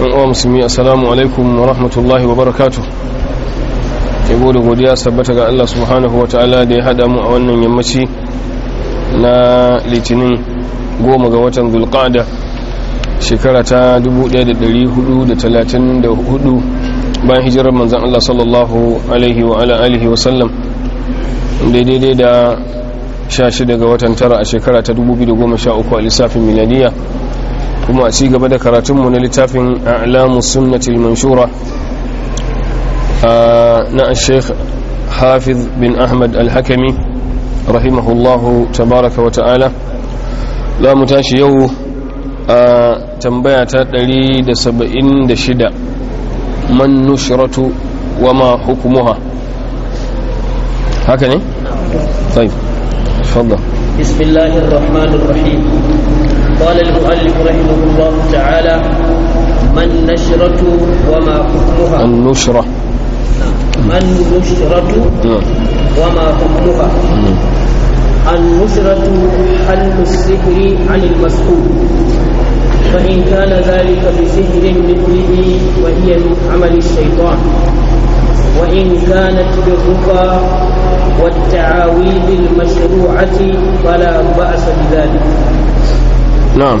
wa musulmi assalamu alaikum wa rahmatullahi wa barakatu yabo gode godiya sabbata ga Allah subhanahu wa ta'ala da ya hada mu a wannan yammaci na litinin goma ga watan zulqa'da shekara ta 1434 bayan hijirar manzan Allah sallallahu alaihi wa ala alihi wa sallam daidai da 16 ga watan tara a shekara ta 2013 a lissafin miladiyya kuma ci gaba da karatunmu na littafin alamu sunnatil manshura na sheikh hafiz bin ahmad alhakami rahimahullahu tabaraka wa ta'ala za mu tashi yau a tambaya ta 176 man nushratu wa ma hukumuha haka ne? طيب قال المؤلف رحمه الله تعالى ما النشرة وما حكمها النشرة ما النشرة نعم. وما حكمها نعم. النشرة حل السحر عن المسحور فإن كان ذلك بسحر مثله وهي من عمل الشيطان وإن كانت بالرقى والتعاويذ المشروعة فلا بأس بذلك na'am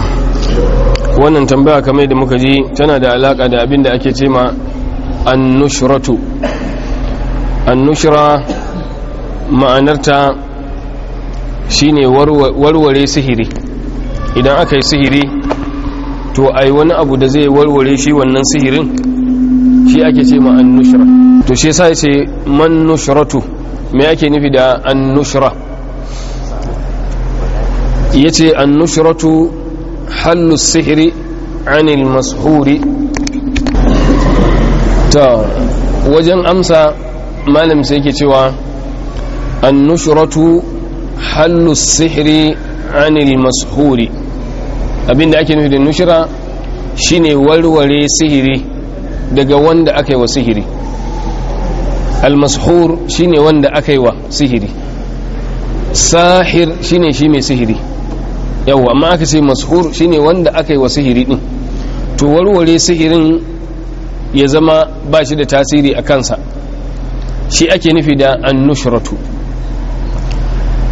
wannan tambaya kamar da muka ji tana da alaka da abinda ake ce ma annushratu annushra ma'anarta shine warware sihiri idan aka yi sihiri to ai wani abu da zai warware shi wannan sihirin shi ake ce ma annushra to shi yasa ce man nushratu me ake nufi da annushra yace annushratu hallu sihiri anil mashuri wajen amsa malam sai ke cewa annushuratu hallu sihiri anil mashuri abinda ake nufi da nushira shine warware sihiri daga wanda aka yi wa sihiri almashur shine wanda aka yi sihiri sahir shine shi mai sihiri yawwa amma aka ce mashur shine wanda aka yi wa sihiri din to warware sihirin ya zama ba shi da tasiri a kansa shi ake nufi da annushratu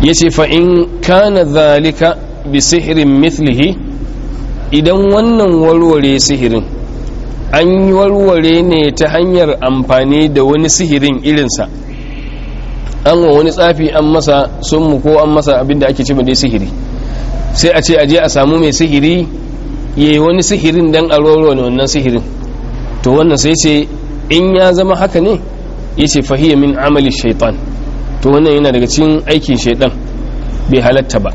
ya ce fa'in kana zalika bi sihirin mithlihi idan wannan warware sihirin an yi warware ne ta hanyar amfani da wani sihirin irinsa an wani tsafi an masa sunmu ko an masa abinda ake cima dai sihiri sai a ce a je a samu mai sihiri yayi wani sihirin dan a roro ne wannan sihirin to wannan sai ce in ya zama haka ne yace fahiya min amali shaitan to wannan yana daga cikin aikin shaitan bai halatta ba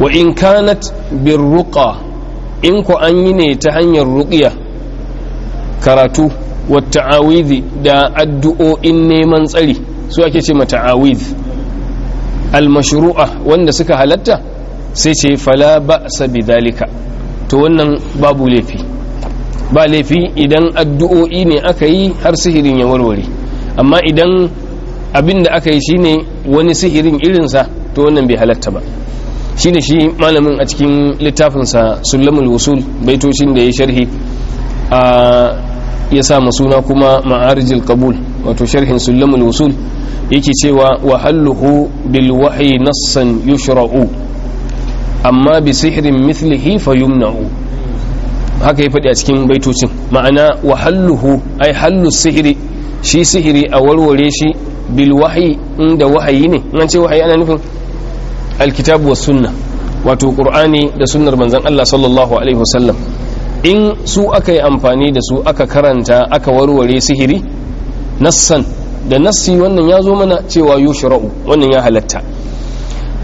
wa in kanat birruqa in ku an yi ne ta hanyar ruqiya karatu wa ta'awidi da addu'o'in neman tsari su ake ce ma ta'awid al-mashru'a wanda suka halatta sai ce fala ba sabi zalika to wannan babu laifi ba laifi idan addu'o'i ne aka yi har sihirin ya warware amma idan abin da aka yi shine wani sihirin irinsa to wannan bai halatta ba shi da shi malamin a cikin littafinsa sulamul wusul baitocin da ya sharhi a ya sa suna kuma ma'arijil kabul wato sharhin sulamul wusul yake cewa wa halluhu bil wahyi nassan yushra'u amma bi sihirin mithlihi fa yumnahu haka ya faɗi a cikin baitocin ma'ana wa halluhu ai hallu sihiri shi sihiri a warware shi bil wahayi inda wahayi ne an ce wahayi ana nufin alkitabu wa sunna wato qur'ani da sunnar manzon Allah sallallahu alaihi wasallam in su aka yi amfani da su aka karanta aka warware sihiri nassan da nassi wannan ya zo mana cewa yushra'u wannan ya halatta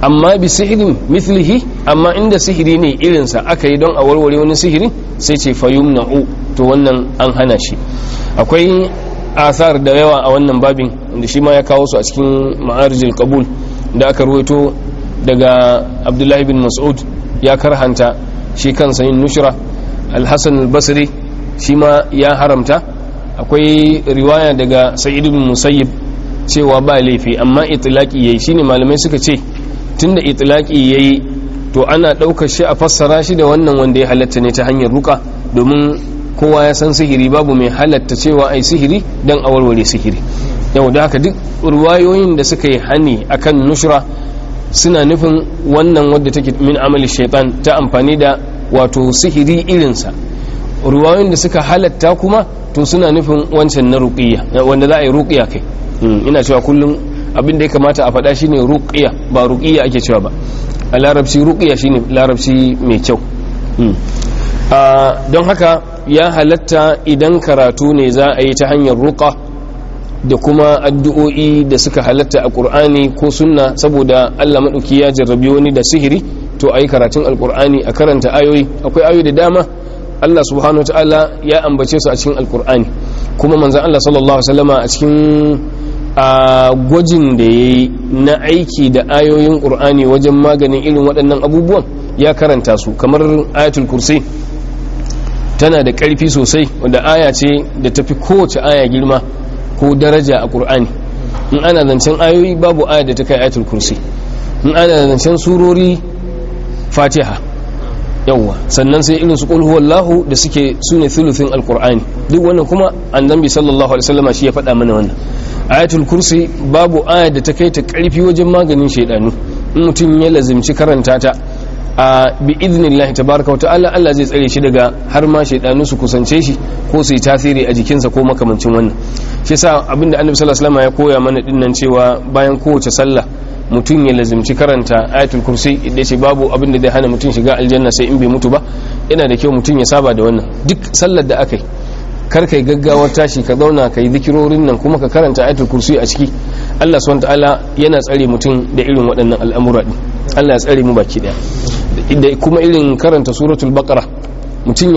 amma bi sihirin mithlihi amma inda sihiri ne irinsa aka yi don a warware wani sihiri sai ce fayum na'u to wannan an hana shi akwai asar da yawa a wannan babin da shi ma ya kawo su a cikin ma'arijin kabul da aka ruwaito daga abdullahi bin mas'ud ya karhanta shi kansa yin nushra alhassan albasri shi ma ya haramta akwai riwaya daga sa'id bin musayyib cewa ba laifi amma itilaki yayi shine malamai suka ce Tun da itilaki ya yi to ana ɗaukar shi a fassara shi da wannan wanda ya halatta ne ta hanyar ruka domin kowa ya san sihiri babu mai halatta cewa ai sihiri don a warware sihiri yau da haka duk ruwayoyin da suka yi hani akan nushra suna nufin wannan wadda take min amali shaitan ta amfani da wato sihiri irinsa ruwayoyin da suka halatta kuma to suna nufin wancan na ruƙiya wanda za a yi ruƙiya kai hmm, ina cewa kullum abin da ya kamata a faɗa shine ruqiya ba ruqiya ake cewa ba a larabci ruqiya shine larabci mai kyau hmm. don haka ya halatta idan karatu ne za a yi ta hanyar ruqa da kuma addu'o'i da suka halatta a qur'ani ko sunna saboda Allah madauki ya jarrabi wani da sihiri to ayi karatun alqur'ani a karanta ayoyi akwai ayoyi da dama Allah subhanahu wa ta'ala ya ambace su a cikin alqur'ani kuma manzon Allah sallallahu alaihi wasallama a cikin a gwajin da ya yi na aiki da ayoyin ƙur'ani wajen maganin irin waɗannan abubuwan ya karanta su kamar ayatul kursi tana da ƙarfi sosai wanda aya ce da tafi kowace aya girma ko daraja a ƙur'ani in ana zancen ayoyi babu aya da ta kai ayatul kursi in ana zancen surori fatiha yawwa sannan sai irin su qul huwallahu da suke sune thuluthin alqur'ani duk wannan kuma annabi sallallahu alaihi wasallam shi ya faɗa mana wannan ayatul kursi babu aya da ta kai ta karfi wajen maganin shaidanu in mutum ya lazimci karanta ta a bi idnillahi tabaraka wa ta'ala Allah zai tsare shi daga har ma shaidanu su kusance shi ko su yi tasiri a jikinsa ko makamancin wannan shi yasa abinda annabi sallallahu alaihi wasallam ya koya mana dinnan cewa bayan kowace sallah mutum ya lazimci karanta ayatul kursi da ce babu abin da zai hana mutum shiga aljanna sai in bai mutu ba yana da kyau mutum ya saba da wannan duk sallar da aka yi kar kai gaggawar tashi ka zauna ka yi zikirorin nan kuma ka karanta ayatul kursi a ciki Allah subhanahu ta'ala yana tsare mutum da irin waɗannan al'amura din Allah ya tsare mu baki daya da kuma irin karanta suratul baqara mutum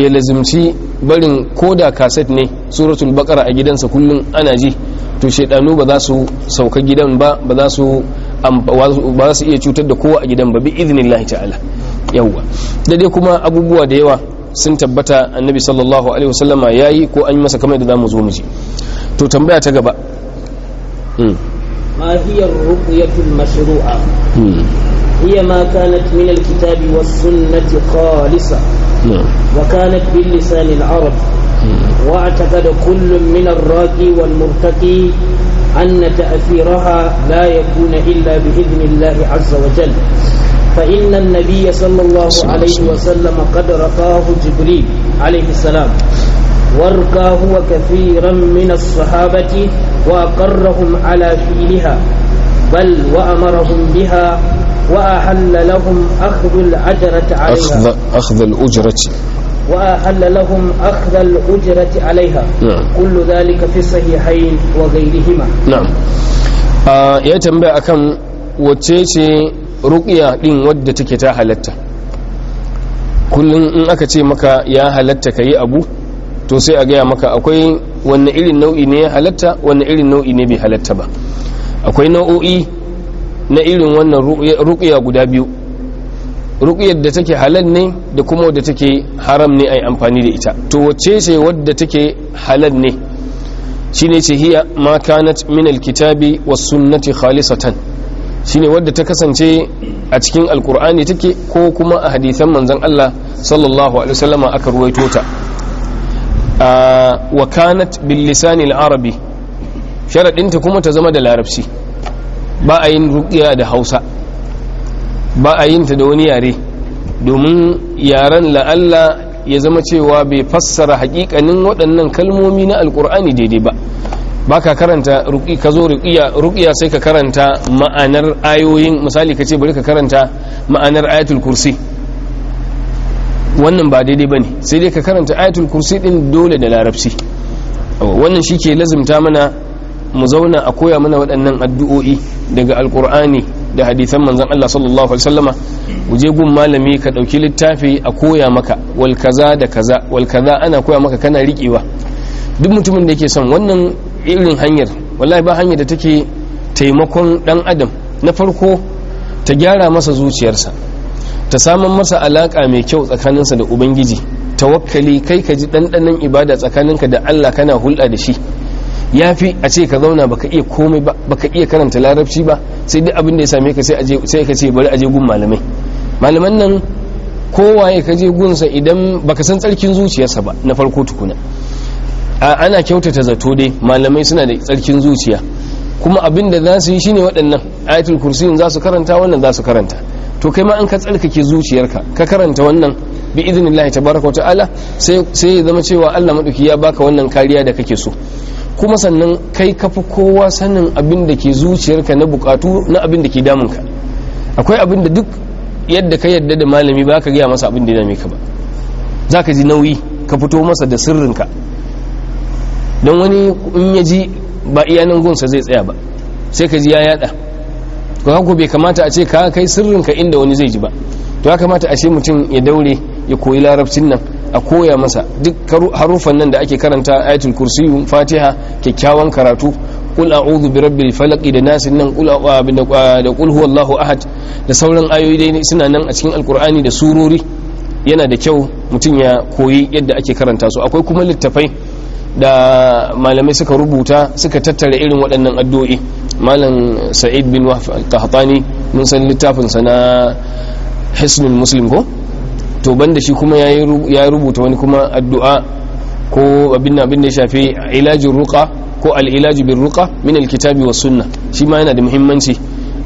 ya lazimci barin koda kaset ne suratul bakara a gidansa kullum ana ji to shaidanu ba za su sauka gidan ba ba za su ba za su iya cutar da kowa a gidan ba bi idnillahi ta'ala yawwa da dai kuma abubuwa da yawa sun tabbata annabi sallallahu alaihi wasallama yayi ko an yi masa kamar da zamu zo mu ji to tambaya ta gaba ما هي الرقية المشروعة هي ما كانت من الكتاب والسنة خالصة وكانت باللسان العرب واعتقد كل من الراقي والمرتقي أن تأثيرها لا يكون إلا بإذن الله عز وجل فإن النبي صلى الله عليه وسلم قد رقاه جبريل عليه السلام وارقى هو كثيرا من الصحابة وأقرهم على فيلها بل وأمرهم بها وأحل لهم أخذ الأجرة عليها أخذ, أخذ الأجرة وأحل لهم أخذ الأجرة عليها نعم. كل ذلك في الصحيحين وغيرهما نعم ya tambaya akan wacce ce ruƙiya ɗin wadda take ta halatta kullum in aka ce maka ya halatta ka yi abu to sai a gaya maka akwai wani irin nau'i ne ya halatta wani irin nau'i ne bai halatta ba akwai nau'o'i na irin wannan ruƙiya guda biyu ruƙiyar da take halal ne da kuma wadda take haram ne a yi amfani da ita to wacce ce wadda take halal ne shi ne ce hiya ma kanat min alkitabi wa sunnati khalisatan shi ne wadda ta kasance a cikin alkur'ani take ko kuma a hadithan manzan Allah sallallahu alaihi wasallama aka ruwaito ta wa kanat bil lisani al-arabi sharadinta kuma ta zama da larabci ba a yin rukiya da hausa ba a yin ta da wani yare domin yaren la'alla ya zama cewa bai fassara hakikanin waɗannan kalmomi na alkur'ani daidai ba ba ka karanta ka zo rukiya sai ka karanta ma'anar ayoyin misali ka ce bari ka karanta ma'anar ayatul kursi wannan ba daidai ba ne sai dai ka karanta ayatul kursi ɗin dole da larabci wannan shi ke lazimta mana mu zauna a koya mana waɗannan addu'o'i daga alkur'ani da hadisan manzan Allah sallallahu alaihi wasallama mu je gun malami ka ɗauki littafi a koya maka wal kaza da kaza wal kaza ana koya maka kana riƙewa duk mutumin da yake son wannan irin hanyar wallahi ba hanyar da take taimakon ɗan adam na farko ta gyara masa zuciyarsa ta saman masa alaƙa mai kyau tsakaninsa da ubangiji tawakkali kai ka ji ɗanɗanon ibada tsakaninka da allah kana hulɗa da shi ya fi a ce ka zauna baka iya komai ba baka iya karanta larabci ba sai duk abin da ya same ka sai ka ce bari aje gun malamai malaman nan kowaye ka je gunsa idan baka san tsarkin zuciyarsa ba na farko tukuna ana kyautata zato dai malamai suna da tsarkin zuciya kuma abin da za su yi shine waɗannan ayatul kursiyin za su karanta wannan za su karanta to kai ma an ka tsarkake zuciyarka ka karanta wannan bi idinillahi tabaraka wa ta'ala sai ya zama cewa Allah madauki ya baka wannan kariya da kake so kuma sannan kai kafi kowa sanin abin da ke zuciyarka na bukatu na abin da ke damunka akwai abin da duk yadda ka yadda da malami ba ka gaya masa abin da ya dame ka ba za ka ji nauyi ka fito masa da sirrinka don wani in ya ji ba iyanin gunsa zai tsaya ba sai ka ji ya yada ko haku bai kamata a ce ka kai sirrinka inda wani zai ji ba to ya kamata a ce mutum ya daure ya koyi larabcin nan a koya masa duk harufan nan da ake karanta ayatul kursi fatiha kyakkyawan karatu kul a'udhu bi rabbil falaq da nasin nan da kul huwallahu ahad da sauran ayoyi dai suna nan a cikin alqur'ani da surori yana da kyau mutum ya koyi yadda ake karanta su akwai kuma littafai da malamai suka rubuta suka tattara irin waɗannan addu'o'i malam sa'id bin wahab al-qahtani mun san littafin sa na hisnul muslim ko to banda shi kuma ya rubuta wani kuma addu'a ko abin abin da ya shafi ilajin ruqa ko al'ilaju bin ruqa min alkitabi wa sunna shi ma yana da muhimmanci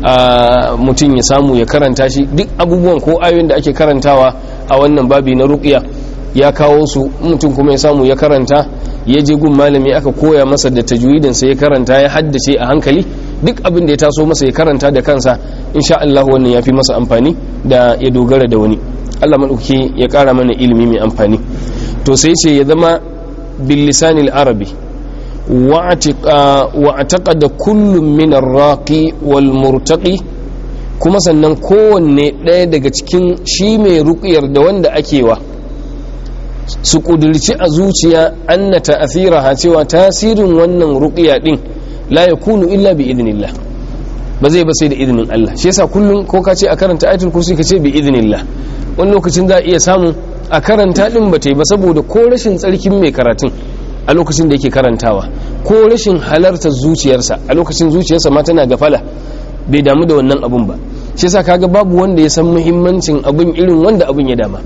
a mutum ya samu ya karanta shi duk abubuwan ko ayoyin da ake karantawa a wannan babi na rukiya ya kawo su mutum kuma ya samu ya karanta ya je gun malami aka koya masa da tajwidin ya karanta ya haddace a hankali duk abin da ya taso masa ya karanta da kansa insha Allah wannan ya fi masa amfani da ya dogara da wani Allah maɗauki ya ƙara mana ilimi mai amfani to sai ce ya zama bilisanin arabi wa a taƙa da kullum minar raƙi wal kuma sannan kowanne ɗaya daga cikin shi mai ruƙiyar da wanda akewa su ƙudurci a zuciya anna ta'athiraha cewa tasirin wannan ruƙiya ɗin la kunu illa bi idinillah ba zai ba sai da izinin Allah shi yasa kullum ko ka ce a karanta ayatul kursi ka ce bi idinillah wani lokacin za a iya samu a karanta din ba ta yi ba saboda ko rashin tsarkin mai karatun a lokacin da yake karantawa ko rashin halarta zuciyarsa a lokacin zuciyarsa ma tana gafala bai damu da wannan abun ba shi yasa kaga babu wanda ya san muhimmancin abun irin wanda abun ya dama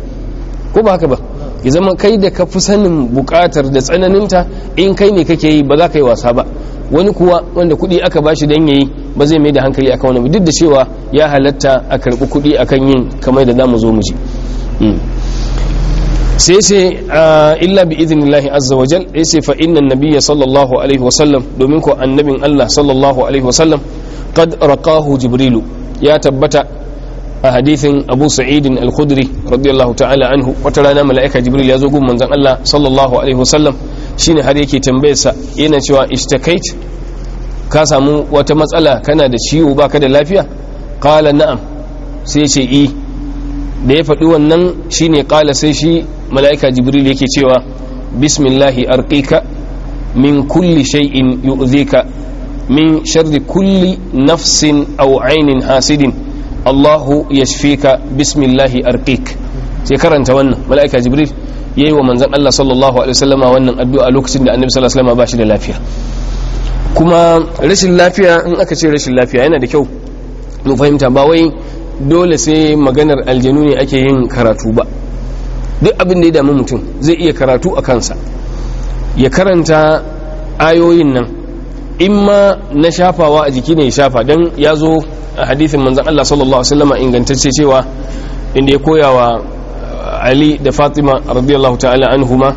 ko ba haka ba ya zama kai da ka fi sanin bukatar da tsananinta in kai ne kake yi ba za ka yi wasa ba wani kuwa wanda kuɗi aka bashi dan yayi ba zai mai da hankali akan wani duk da cewa ya halatta a karɓi kuɗi akan yin kamar da zamu zo mu ji hmm. sai ce ah, illa bi idnillahi azza wa jal sai fa inna nabiyya sallallahu alaihi wa sallam domin ko annabin Allah sallallahu alaihi wa sallam qad raqahu jibrilu ya tabbata a hadithin abu sa'idin al-khudri radiyallahu ta'ala anhu wata rana mala'ika jibril ya zo gun manzon Allah sallallahu alaihi wa sallam shine har yake tambayarsa yana cewa ishtakait ka samu wata matsala kana da ciwo baka da lafiya qala na'am sai ce i eh. da ya faɗi wannan shine qala sai shi mala'ika jibril yake cewa bismillahi arqika min kulli shay'in yu'zika min sharri kulli nafsin aw aynin hasidin Allahu yashfika bismillahi arqik sai karanta wannan mala'ika jibril yayi wa manzon Allah sallallahu alaihi wasallama wannan addu'a lokacin da annabi sallallahu alaihi wasallama ba shi da lafiya kuma rashin lafiya in aka ce rashin lafiya yana da kyau mu fahimta ba wai dole sai maganar aljanu ne ake yin karatu ba duk abin da ya damu mutum zai iya karatu a kansa ya karanta ayoyin nan in ma na shafawa a jiki ne ya shafa don ya zo a hadithin manzan Allah sallallahu Alaihi wasallama ingantacce cewa inda ya koya wa. ali da fatima radiyallahu ta'ala anhuma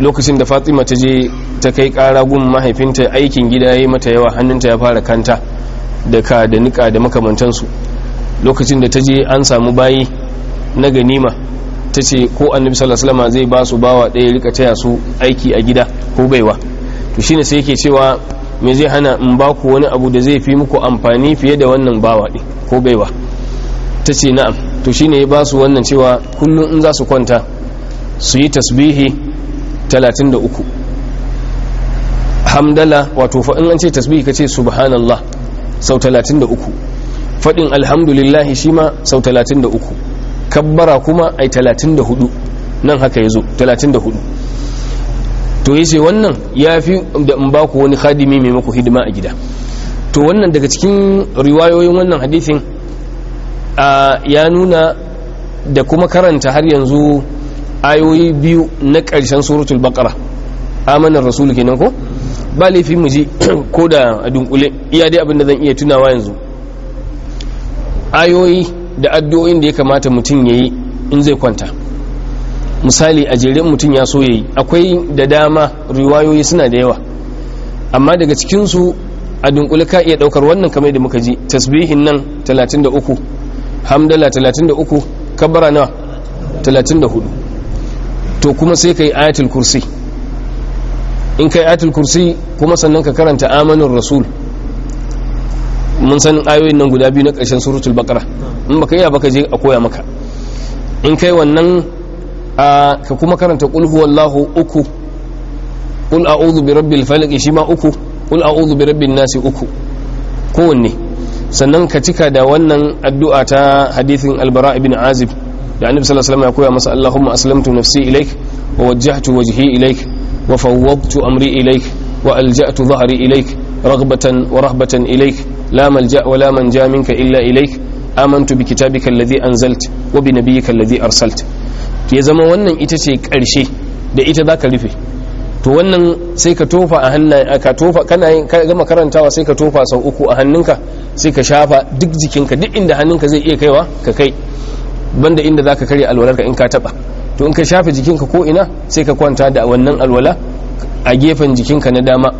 lokacin da fatima ta je ta kai kara gun mahaifinta aikin gida ya mata yawa hannunta ya fara kanta da ka da nika da makamantansu lokacin da ta je an samu bayi na ganima ta ce ko annabi sallallahu alaihi zai ba su bawa ɗaya rika taya su aiki a gida ko baiwa to shine sai yake cewa me zai hana in ba ku wani abu da zai fi muku amfani fiye da wannan bawa ɗin ko baiwa ta ce na'am to shi ya ba su wannan cewa kullum in za su kwanta su yi tasbihi 33 hamdala wato fa in an ce tasbihi ka ce subhanallah sau 33 fadin alhamdulillahi shi ma sau 33 kabbara kuma ai 34 nan haka ya zo 34 to yace wannan ya fi da in ba ku wani khadimi mai muku hidima a gida to wannan daga cikin riwayoyin wannan hadisin ya nuna da kuma karanta har yanzu ayoyi biyu na ƙarshen suratul baqara amanar rasulu kenan ko ba laifi mu ji ko da a dunkule iya dai abin zan iya tunawa yanzu ayoyi da addu'o'in da ya kamata mutum yayi in zai kwanta misali a jerin mutum ya so yayi akwai da dama riwayoyi suna da yawa amma daga cikinsu a dunkule ka iya daukar wannan kamar da muka ji tasbihin nan 33 hamdala 33 kabbara na 34 to kuma sai ka yi ayatul kursi in ka yi ayatul kursi kuma sannan ka karanta amanin rasul mun sanin ayoyin nan guda biyu na ƙarshen surutul bakara in baka iya baka je a koya maka in kai wannan ka kuma karanta ƙulhu wallahu uku ƙul a'udhu bi rabbil falaq shi ma uku ƙul a'udhu bi rabbin nasi uku kowanne sannan ka cika da wannan addu'a ta hadithin albara ibn azib da annabi sallallahu alaihi wasallam ya koya masa Allahumma aslamtu nafsi ilaik wa wajjahtu wajhi ilaik wa fawwadtu amri ilaik wa alja'tu dhahri ilaik raghbatan wa rahbatan ilaik la malja wa la manja minka illa ilaik amantu bi kitabika alladhi anzalt wa bi nabiyyika alladhi arsalt ya zama wannan ita ce karshe da ita zaka rufe to wannan sai ka tofa a hannayen ka tofa kana gama karantawa sai ka tofa sau uku a hannunka sai ka shafa duk jikinka duk inda hannunka zai iya kaiwa ka kai banda inda za ka karya alwalarka in ka taba to in ka shafa jikinka ko ina sai ka kwanta da wannan alwala a gefen jikinka na dama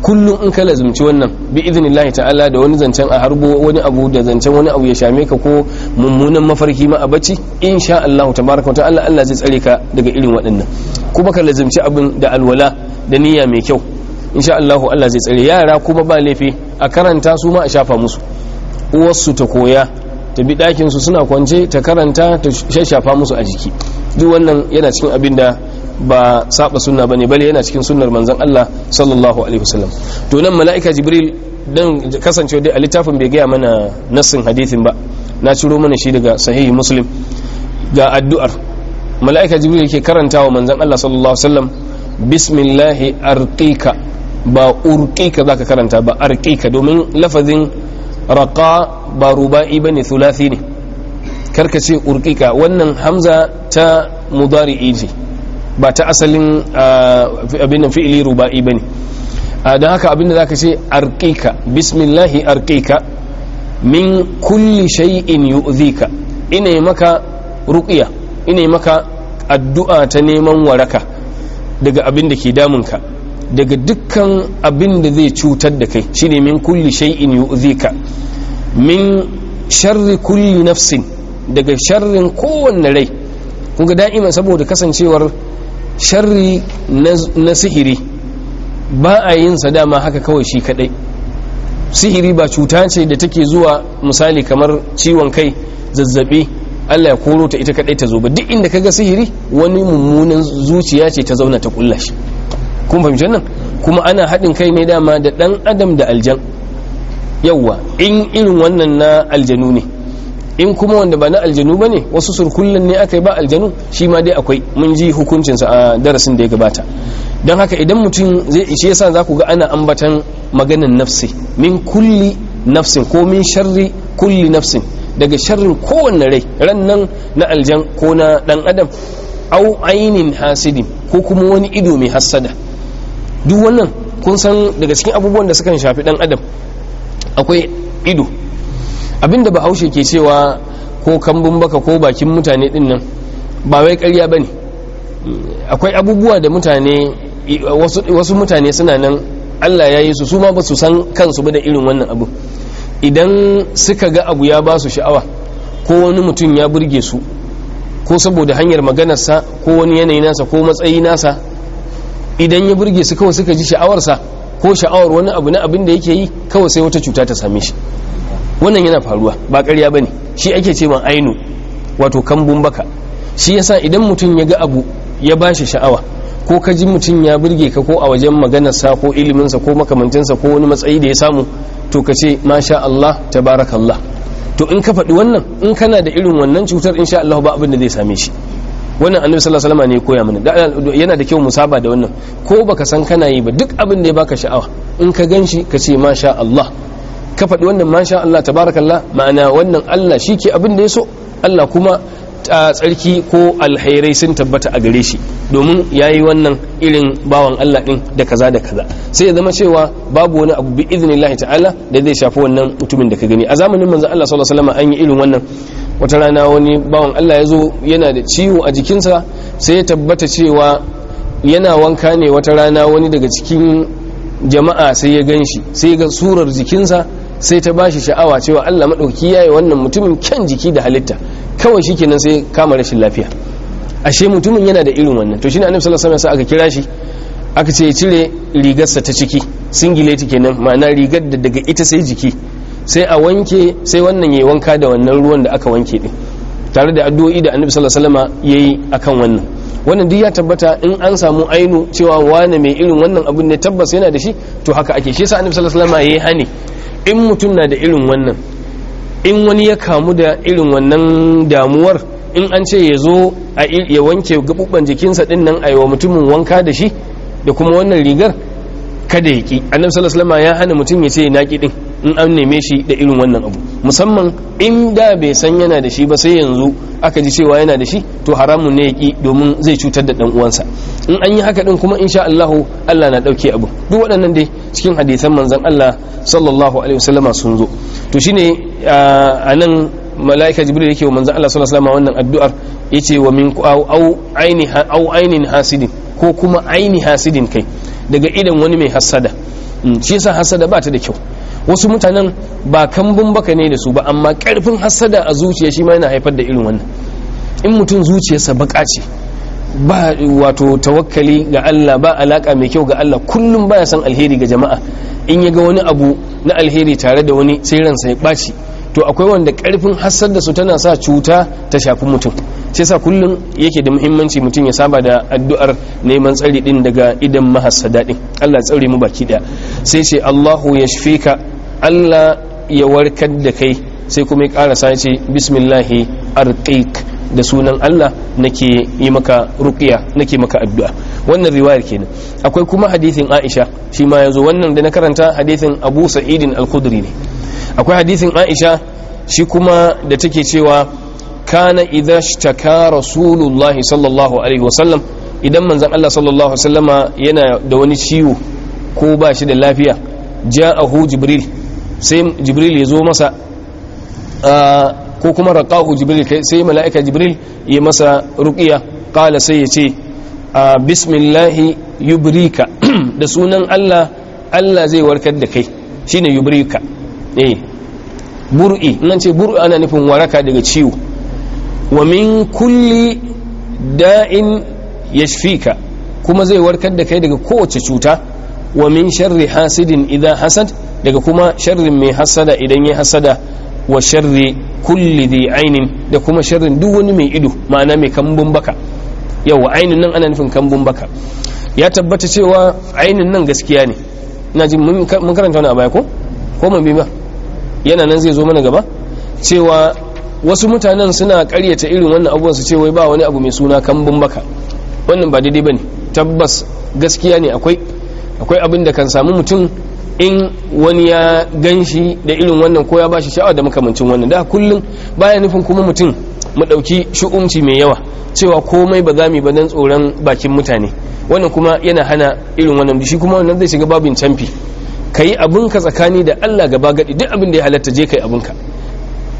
kullum in ka lazumci wannan bi idnillahi ta'ala da wani zancen a harbo wani abu da zancen wani abu ya shame ka ko mummunan mafarki ma a bacci sha Allah tabaraka wa ta'ala Allah zai tsare ka daga irin waɗannan kuma ka lazumci abin da alwala da niyya mai kyau insha Allah Allah zai tsare yara kuma ba laifi a karanta su ma a shafa musu uwarsu ta koya ta bi ɗakin su suna kwance ta karanta ta shafa musu a jiki duk wannan yana cikin abin da ba saba sunna bane bale yana cikin sunnar manzon Allah sallallahu alaihi wasallam to nan mala'ika jibril dan kasancewa dai a littafin bai gaya mana nassin hadithin ba na ciro mana shi daga sahihi muslim ga addu'ar mala'ika jibril yake karantawa manzon Allah sallallahu alaihi wasallam bismillahi arqika ba urqika zaka karanta ba arqika domin lafazin raqa ba ruba'i bane thulathi ne karka ce urqika wannan hamza ta mudari'i ce ba ta asalin abin fi'ili ruba'i bane don haka abin da zaka ce arqika bismillahi arqika min kulli shay'in ka ina maka ruqiya ina maka addu'a ta neman waraka daga abin da ke damunka daga dukkan abin da zai cutar da kai shine min kulli shay'in yu'zika min sharri kulli nafsin daga sharrin kowanne rai kuma da'ima saboda kasancewar sharri na sihiri ba a yin sa dama haka kawai shi kadai sihiri ba cuta ce da take zuwa misali kamar ciwon kai zazzabi Allah ya koro ta ita kadai ta zo ba duk inda kaga sihiri wani mummunan zuciya ce ta zauna ta kullashi kun fahimci nan kuma ana haɗin kai ne dama da ɗan adam da aljan yawwa in irin wannan na aljanu ne in kuma wanda ba na aljanu ba ne wasu surkullan ne aka yi ba aljanu shi ma dai akwai mun ji hukuncinsa a darasin da ya gabata don haka idan mutum zai ishe yasa za ku ga ana ambatan maganan nafsi min kulli nafsin ko min sharri kulli nafsin daga sharrin kowanne rai ran nan na aljan ko na dan adam au ainin hasidin ko kuma wani ido mai hassada duk wannan kun san daga cikin abubuwan da sukan shafi dan adam akwai ido abinda bahaushe ke cewa ko kambun baka ko bakin mutane din nan ba wai karya ne akwai abubuwa da mutane wasu mutane suna nan Allah ya yi su su ma ba su san kansu ba da irin wannan abu idan suka ga abu ya ba su sha'awa ko wani mutum ya burge su ko saboda hanyar maganarsa ko wani yanayi nasa ko matsayi nasa idan ya burge su kawai suka ji sha'awarsa ko sha'awar wani abu na abin da yake yi kawai sai wata cuta ta same shi wannan yana faruwa ba ƙarya bane shi ake ce man ainu wato kambun baka shi yasa idan mutum ya ga abu ya ba shi sha'awa ko ka ji mutum ya burge ka ko a wajen maganarsa ko iliminsa ko makamantinsa ko wani matsayi da ya samu to ka ce masha Allah tabarakallah to in ka faɗi wannan in kana da irin wannan cutar insha Allah ba abin da zai same shi wannan annabi sallallahu alaihi wasallam ne koya mana yana da kyau mu saba da wannan ko baka san kana yi ba duk abin da ya baka sha'awa in ka ganshi ka ce masha Allah ka faɗi wannan masha Allah tabarakallah ma'ana wannan Allah shi ke abin da ya so Allah kuma tsarki ko alhairai sun tabbata a gare shi domin yayi wannan irin bawan Allah din da kaza da kaza sai ya zama cewa babu wani abu bi iznillahi ta'ala da zai shafi wannan mutumin da ka gani a zamanin manzo Allah sallallahu alaihi wasallam an yi irin wannan wata rana wani bawan Allah ya zo yana da ciwo a jikinsa sai ya tabbata cewa yana wanka ne wata rana wani daga cikin jama'a sai ya gan shi sai ga surar jikinsa sai ta ba shi sha'awa cewa Allah maɗauki ya yi wannan mutumin kyan jiki da halitta kawai shi kenan sai kama rashin lafiya ashe mutumin yana da irin wannan to shine annabi sallallahu alaihi wasallam aka kira shi aka ce ya cire rigarsa ta ciki singileti kenan ma'ana rigar da daga ita sai jiki sai a wanke sai wannan yayi wanka da wannan ruwan da aka wanke din tare da addu'o'i da annabi sallallahu alaihi wasallam yayi akan wannan wannan duk ya tabbata in an samu ainu cewa wani mai irin wannan abun ne tabbas yana da shi to haka ake shi yasa annabi sallallahu alaihi wasallam yayi hani in mutum na da irin wannan in wani ya kamu da irin wannan damuwar in an ce ya zo ya wanke gabubban jikinsa din nan aiwa mutumin wanka da shi da kuma wannan rigar kada ya ki annabi sallallahu alaihi wasallam ya hana mutum ya ce na din in an neme shi da irin wannan abu musamman in da bai san yana da shi ba sai yanzu aka ji cewa yana da shi to haramun ne yaki domin zai cutar da dan uwansa in an yi haka din kuma insha Allah Allah na dauke abu duk waɗannan dai cikin hadisan manzon Allah sallallahu alaihi wasallama sun zo to shine a nan mala'ika jibril yake wa manzon Allah sallallahu alaihi wasallama wannan addu'ar yace wa min au aini au ainin hasidin ko kuma aini hasidin kai daga idan wani mai hasada hmm, shi yasa hasada ba ta da kyau wasu mutanen ba kambun baka ne da su ba amma karfin hasada a zuciya shi ma yana haifar da irin wannan in mutum zuciyarsa baka ce ba wato tawakkali ga Allah ba alaka mai kyau ga Allah kullum baya san alheri ga jama'a in ya ga wani abu na alheri tare da wani sai ransa ya ɓaci to akwai wanda karfin hasar da su tana sa cuta ta shafi mutum sai sa kullum yake da muhimmanci mutum ya saba da addu'ar neman tsari din daga idan mahassada daɗin Allah tsari mu baki ɗaya sai ce Allahu ya ka Allah ya warkar da kai sai kuma ya ƙara sa ce bismillahi arqiq da sunan Allah nake yi maka ruqiya nake maka addu'a wannan riwayar kenan akwai kuma hadithin Aisha shi ma zo wannan da na karanta hadithin Abu Sa'idin Al-Khudri ne akwai hadithin Aisha shi kuma da take cewa kana idza ishtaka rasulullahi sallallahu alaihi wasallam idan manzon Allah sallallahu alaihi wasallama yana da wani ciwo ko ba shi da lafiya ja'ahu jibril sai جبريل ya zo masa ko kuma raqahu jibril sai mala'ika jibril ya masa ruqiya qala sai ya ce bismillahi yubrika da sunan Allah Allah zai warkar da kai shine yubrika eh bur'i nan ce bur'i ana nufin waraka daga ciwo wa min kulli da'in yashfika kuma zai warkar da kai daga kowace cuta wa min sharri hasidin idha hasad daga kuma sharrin mai hasada idan ya hasada wa sharri kulli dhi ainin da kuma sharrin duk wani mai ido ma'ana mai kambun baka yawa ainin nan ana nufin kambun baka ya tabbata cewa ainin nan gaskiya ne ina ji mun karanta wani a baya ko ko mun ba yana nan zai zo mana gaba cewa wasu mutanen suna karyata irin wannan abubuwan su ce wai ba wani abu mai suna kambun baka wannan ba daidai bane tabbas gaskiya ne akwai akwai abin da kan sami mutum in wani ya ganshi da irin wannan ko ya bashi sha'awa da makamancin wannan da kullum baya nufin kuma mutum mu dauki shu'umci mai yawa cewa komai ba za mu yi ba dan tsoron bakin mutane wannan kuma yana hana irin wannan shi kuma wannan zai shiga babin canfi ka abinka tsakani da Allah gaba gadi duk abin da ya halatta je ka abinka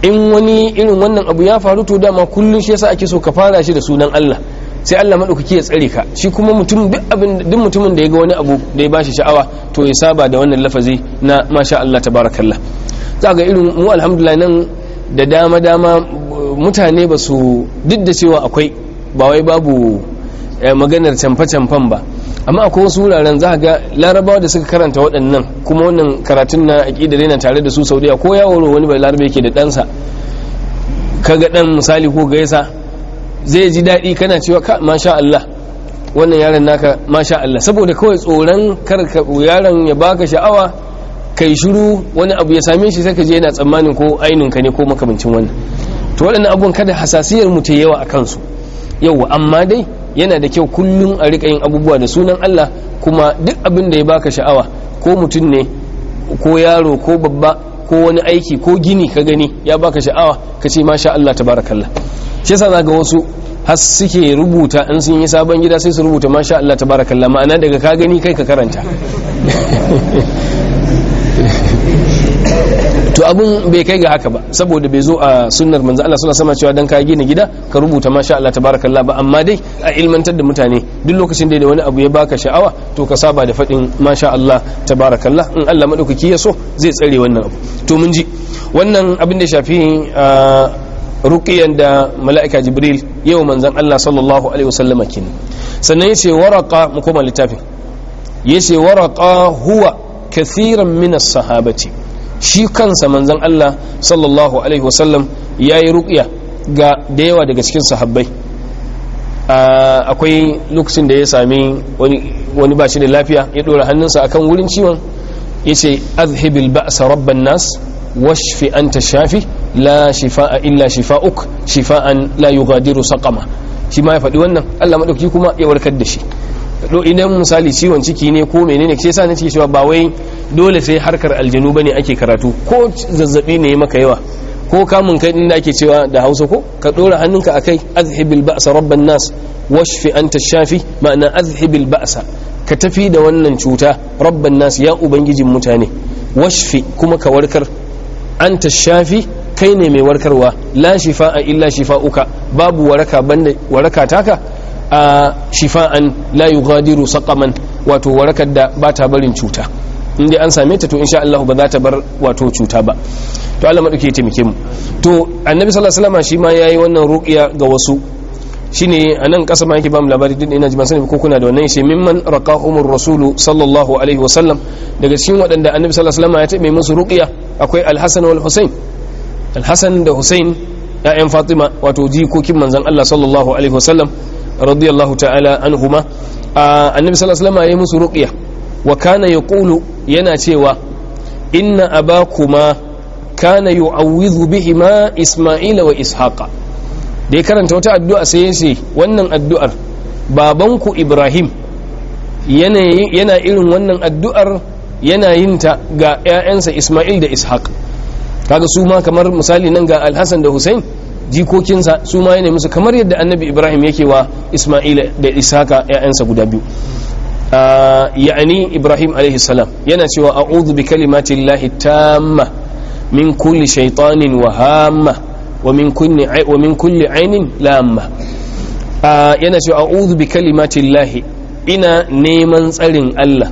in wani irin wannan abu ya faru to dama kullum shi yasa ake so ka fara shi da sunan Allah sai Allah madaukaki ya tsare ka shi kuma mutum duk abin duk mutumin da ya ga wani abu da ya bashi sha'awa to ya saba da wannan lafazi na masha Allah tabarakallah za ga irin mu alhamdulillah nan da dama dama mutane ba su duk da cewa akwai ba wai babu eh, maganar canfa-canfan ba amma akwai wasu wuraren za ga larabawa da suka karanta waɗannan kuma wannan karatun na aƙida na tare da su saudiya ko ya waro wani bai larabe ke da ɗansa ga ɗan misali ko gaisa zai ji daɗi kana cewa ka masha Allah wannan yaron naka masha Allah saboda kawai tsoron karka yaron ya baka sha'awa kai shiru wani abu ya same shi sai ka je yana tsammanin ko ainin ka ne ko makamancin wannan to waɗannan abun kada hasasiyar mu ta yawa a kansu yawa amma dai yana da kyau kullum a rika yin abubuwa da sunan Allah kuma duk abin da ya baka sha'awa ko mutum ne ko yaro ko babba ko wani aiki ko gini ka gani ya baka sha'awa ka ce masha Allah tabarakallah shi yasa ga wasu har suke rubuta in sun yi sabon gida sai su rubuta masha Allah tabarakallah ma'ana daga ka gani kai ka karanta to abun bai kai ga haka ba saboda bai zo a sunnar manzo Allah sallallahu alaihi wasallam cewa dan ka gina gida ka rubuta masha Allah tabarakallah ba amma dai a ilmantar da mutane duk lokacin da wani abu ya baka sha'awa to ka saba da fadin masha Allah tabarakallah in Allah madaukaki ya so zai tsare wannan abu to mun ji wannan abin da shafi ruqiyan da mala'ika jibril yau manzon Allah sallallahu alaihi wasallam kenan sannan yace waraqa mu koma littafin yace waraqa huwa kathiran min as-sahabati shi kansa manzon Allah sallallahu alaihi wasallam yi ruqya ga da yawa daga cikin sahabbai akwai lokacin da ya sami wani bashi ba shi da lafiya ya ɗora hannunsa akan wurin ciwon Ya ce azhibil ba'sa rabban nas washfi anta shafi la shifa'a illa shifa'uk shifa'an la yughadiru saqama shi ma ya faɗi wannan Allah maɗauki kuma ya warkar da shi idan misali ciwon ciki ne ko menene ke na ciki cewa ba wai dole sai harkar aljanu bane ake karatu ko zazzabi ne maka yawa ko kamun kai din da ake cewa da Hausa ko ka dora hannunka akai azhibil ba'sa rabban nas washfi anta shafi ma'ana azhibil ba'sa ka tafi da wannan cuta rabban nas ya ubangijin mutane washfi kuma ka warkar anta shafi kai ne mai warkarwa la shifa'a illa shifa'uka babu waraka banda waraka taka A shifa'an la yughadiru saqaman wato warakar da ba ta barin cuta in dai an same ta to insha Allah ba za ta bar wato cuta ba to Allah madauke ya taimake mu to annabi sallallahu alaihi wasallam shi ma yayi wannan ruqiya ga wasu shine a nan kasa ma yake ba mu labari din ina jiban sani ko kuna da wannan shi mimman raqahumur rasulu sallallahu alaihi wasallam daga cikin waɗanda annabi sallallahu alaihi wasallam ya taɓa musu ruqiya akwai al-hasan wal husain al-hasan da husain ya'yan fatima wato jikokin manzon Allah sallallahu alaihi wasallam radiyallahu ta'ala anhuma annabi sallallahu alaihi wasallam musu ruqya wa kana yaqulu yana cewa inna abakuma kana yu'awwidhu bihima isma'ila wa ishaqa da ya karanta wata addu'a sai yace wannan addu'ar babanku ibrahim yana irin wannan addu'ar yana yin ta ga ‘ya'yansa ismail da ishaq kaga su ma kamar misali nan ga alhassan da hussein jikokinsa su ma yana musu kamar yadda annabi ibrahim yake wa isma'ila da ishaka ya'yansa guda biyu ya'ani ibrahim alaihi salam yana cewa a'udhu bi kalimati llahi tamma min kulli shaytanin wa hamma wa min kulli wa min kulli ainin lamma yana cewa a'udhu bi kalimati llahi ina neman tsarin Allah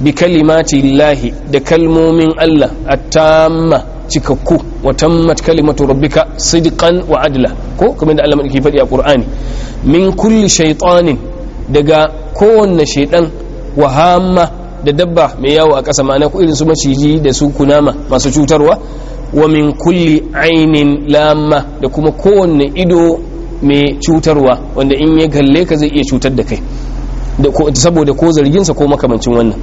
bi kalimati llahi da kalmomin Allah at-tamma cikakku wa tammat kalimatu rabbika sidqan wa adla ko kamar da Allah madaki faɗi a Qur'ani min kulli shaytanin daga kowanne shaydan wa hamma da dabba mai yawo a kasa ma'ana ko irin su maciji da su kunama masu cutarwa wa min kulli ainin lamma da kuma kowanne ido mai cutarwa wanda in ya galle ka zai iya cutar da kai saboda ko zarginsa ko makamancin wannan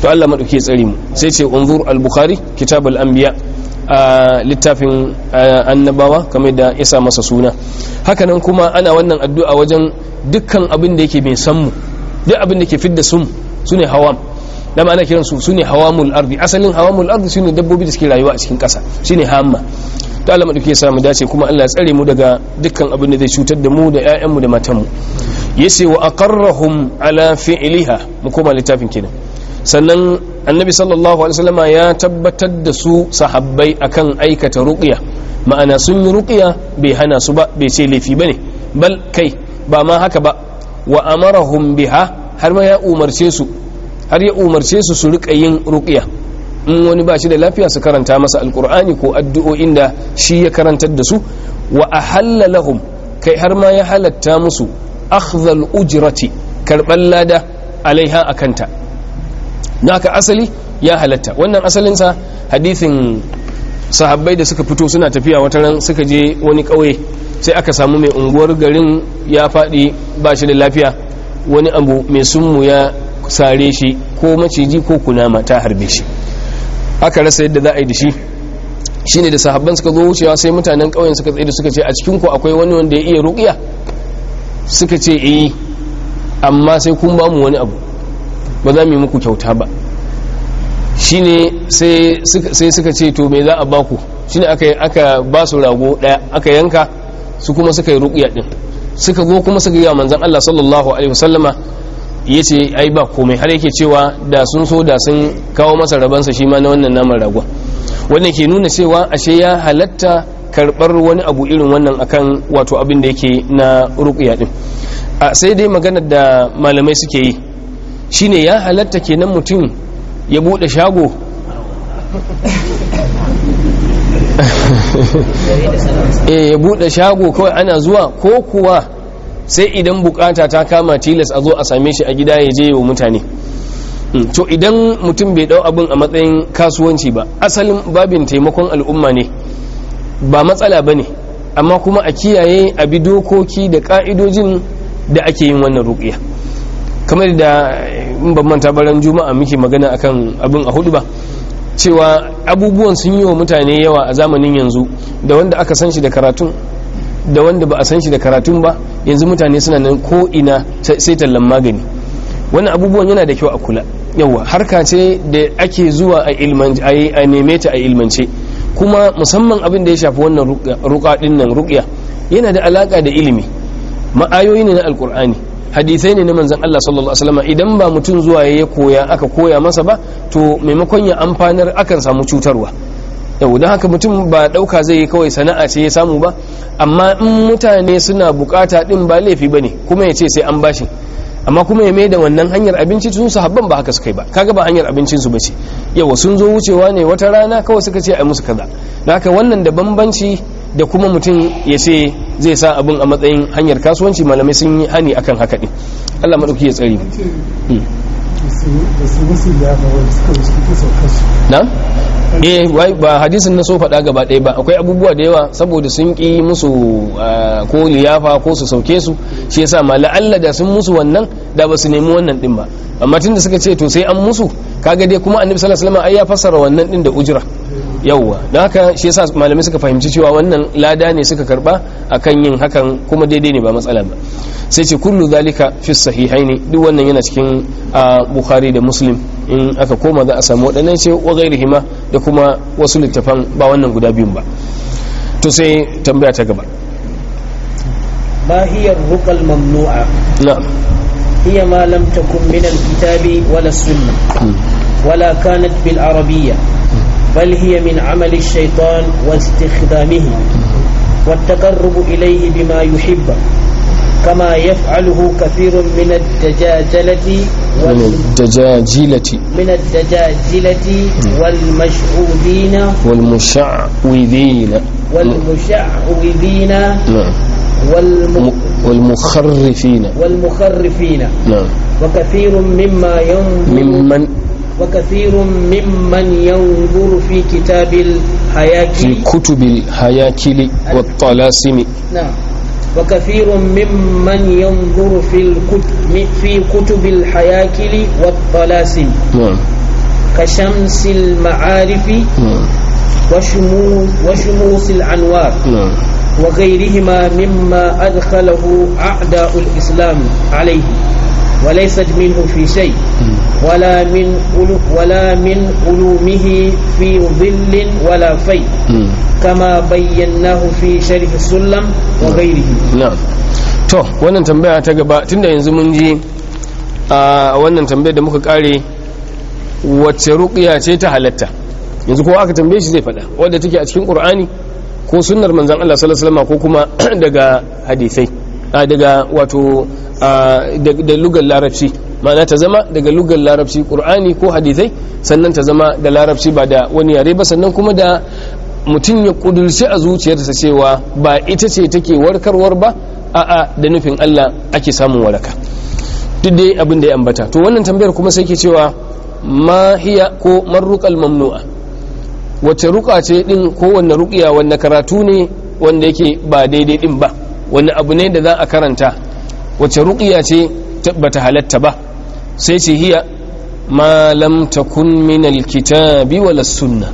to Allah maɗauki ya tsare mu sai ce unzur al-bukhari kitab al-anbiya a littafin annabawa kamar da ya sa masa suna hakanan kuma ana wannan addu'a wajen dukkan abin da yake bin sammu duk abin da ke fidda sun su ne hawam dama ana kiransu su ne hawamul ardi asalin hawamul ardi su ne dabbobi da suke rayuwa a cikin kasa shi ne hamma ta alama duke ya mu dace kuma Allah ya tsare mu daga dukkan abin da zai cutar da mu da mu da matan mu yace wa aqarrahum ala fi'liha mu koma littafin kenan sannan annabi sallallahu alaihi wasallama ya tabbatar da su sahabbai akan aikata ruqiya ma'ana sun yi ruqiya bai hana su ba bai ce laifi bane bal kai ba ma haka ba wa amarahum biha har ma ya umarce su har ya umarce su su rika yin ruqiya in wani ba shi da lafiya su karanta masa alkur'ani ko addu'o'in da shi ya karantar da su wa ahalla lahum kai har ma ya halatta musu akhdhal ujrati karban lada alaiha akanta naka asali ya halatta wannan asalinsa hadithin sahabbai da suka fito suna tafiya wata ran suka je wani kauye sai aka samu mai unguwar garin ya faɗi ba shi da lafiya wani abu mai sunmu ya sare shi ko maciji ko kunama ta harbe shi aka rasa yadda za a yi da shi shi ne da sahabban suka zo wucewa sai mutanen kauyen suka tsaye da suka ce a cikinku akwai wani wanda ya iya ruƙiya suka ce eh amma sai kun ba mu wani abu ba za mu yi muku kyauta ba shi ne sai suka ce to me za a baku shi ne aka ba su rago ɗaya aka yanka su kuma suka yi ruqya din suka go kuma suka yi manzan Allah sallallahu alaihi wasallama yace ai ba komai har yake cewa da sun so da sun kawo masa rabansa shi ma na wannan naman ragon wannan ke nuna cewa ashe ya halatta karɓar wani abu irin wannan akan wato abin da yake na ruqya din sai dai maganar da malamai suke yi shine ya halatta kenan mutum ya bude shago eh ya bude shago kawai ana zuwa ko kuwa sai idan bukata ta kama tilas a zo a same shi a gida ya je wa mutane hmm, to idan mutum bai dau abin a matsayin kasuwanci ba asalin babin taimakon al'umma ne ba matsala ba ne amma kuma a kiyaye a bi dokoki da ka'idojin da ake yin wannan rukiya kamar da in ban manta baran juma'a muke magana akan abin a hudu ba cewa abubuwan sun yi wa mutane yawa a zamanin yanzu da wanda aka san shi da karatun da wanda ba a san shi da karatun ba yanzu mutane suna nan ko ina sai tallan magani wannan abubuwan yana da kyau a kula yawa harka ce da ake zuwa a neme ta a ilmance kuma musamman abin da ya shafi wannan ruka din nan ruqya yana da alaka da ilimi ma'ayoyi ne na alkur'ani hadisai ne na manzan Allah sallallahu alaihi wasallam idan ba mutum zuwa ya koya aka koya masa ba to maimakon ya amfanar akan samu cutarwa yau don haka mutum ba dauka zai yi kawai sana'a ce ya samu ba amma in mutane suna bukata din ba laifi ba ne kuma ya ce sai an bashi amma kuma ya da wannan hanyar abinci sun habban ba haka suka yi ba kaga ba hanyar abincin su bace yau sun zo wucewa ne wata rana kawai suka ce ai musu kaza don haka wannan da bambanci da kuma mutum ya ce zai sa abin a matsayin hanyar kasuwanci malamai sun yi hani akan haka ɗin allah maɗauki ya tsari hmm. na? eh ba hadisin na so faɗa gaba ɗaya ba akwai abubuwa da yawa saboda sun ƙi musu ah, ko liyafa ko su sauke su shi yasa ma la'alla da sun musu wannan da ba su nemi wannan ɗin ba amma tun da suka ce to sai an musu kaga dai kuma annabi sallallahu alaihi wasallam ai ya fassara wannan ɗin da ujira yauwa don haka shi yasa malamai suka fahimci cewa wannan lada ne suka karba akan yin hakan kuma daidai ne ba matsala ba sai ce kullu zalika fi sahihaini duk wannan yana cikin bukhari da muslim in aka koma za a samu waɗannan ce wa hima da kuma wasu littafan ba wannan guda biyun ba to sai tambaya ta gaba ma hiya rukal mamnu'a hiya ma lam kitabi wala sunnah hmm. wala kanat bil arabiyya بل هي من عمل الشيطان واستخدامه والتقرب إليه بما يحب كما يفعله كثير من الدجاجلة من الدجاجلة من الدجاجلة والمشعوذين والمشعوذين والمشعوذين نعم والمخرفين والمخرفين نعم وكثير مما ينظر ممن وكثير ممن ينظر في كتاب الهياكل في كتب الهياكل والطلاسم نعم وكثير ممن ينظر في الكتب في كتب الهياكل والطلاسم نعم كشمس المعارف نعم وشموس, وشموس الأنوار نعم وغيرهما مما أدخله أعداء الإسلام عليه وليست منه في شيء نعم ولا من ولا من علومه في ظل ولا في كما بيناه في شرح السلم وغيره نعم to wannan tambaya ta gaba tunda yanzu mun ji a wannan tambayar da muka kare wacce ruqiya ce ta halatta yanzu ko aka tambaye shi zai faɗa Wanda take a cikin qur'ani ko sunnar manzon Allah sallallahu alaihi wasallam ko kuma daga hadisai daga wato da larabci ma'ana ta zama daga lugar larabci qur'ani ko hadithai sannan ta zama da larabci ba da wani yare ba sannan kuma da mutum ya kudulci a zuciyarsa cewa ba ita ce take warkarwar ba a'a da nufin Allah ake samun waraka duk dai abin da ya ambata to wannan tambayar kuma sai ke cewa ma hiya ko marruqal mamnu'a wace ruqa ce din ko wanne ruqiya wanne karatu ne wanda yake ba daidai din ba wani abu ne da za a karanta wace ruqiya ce bata halatta ba sai ce hiya ma lam takun wala sunna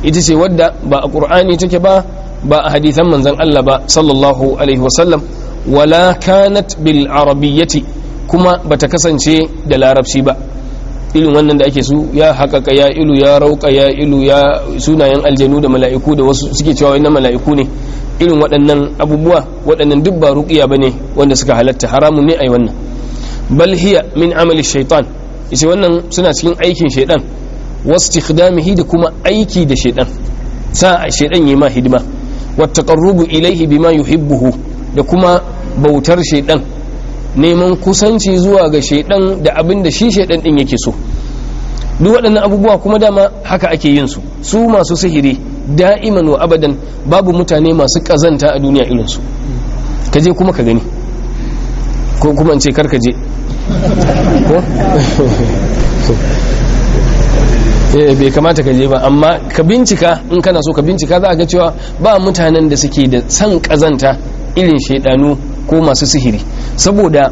ita ce wadda ba a ƙur'ani take ba ba a hadisan manzon Allah ba sallallahu alaihi wasallam wala kanat bil arabiyyati kuma bata kasance da larabci ba irin wannan da ake su ya haƙaƙa ya ilu ya rauƙa ya ilu ya sunayen aljanu da mala'iku da wasu suke cewa mala'iku ne irin waɗannan abubuwa waɗannan duk ba ruƙiya ba ne wanda suka halatta haramun ne a yi wannan bal hiya min amali shaitan yace wannan suna cikin aikin shaitan wastikhdamihi da kuma aiki da shaitan sa a shaitan yi ma hidima wattaqarrubu ilaihi bima yuhibbuhu da kuma bautar shaitan neman kusanci zuwa ga shaitan da abin da shi shaitan din yake so duk waɗannan abubuwa kuma dama haka ake yin su su masu sihiri da'iman wa abadan babu mutane masu kazanta a duniya irinsu ka je kuma ka gani ko kuma in ce karka je Eh, bai kamata ka je ba amma ka bincika in kana so ka bincika za a ga cewa ba mutanen da suke da san kazanta irin shaidanu ko masu sihiri saboda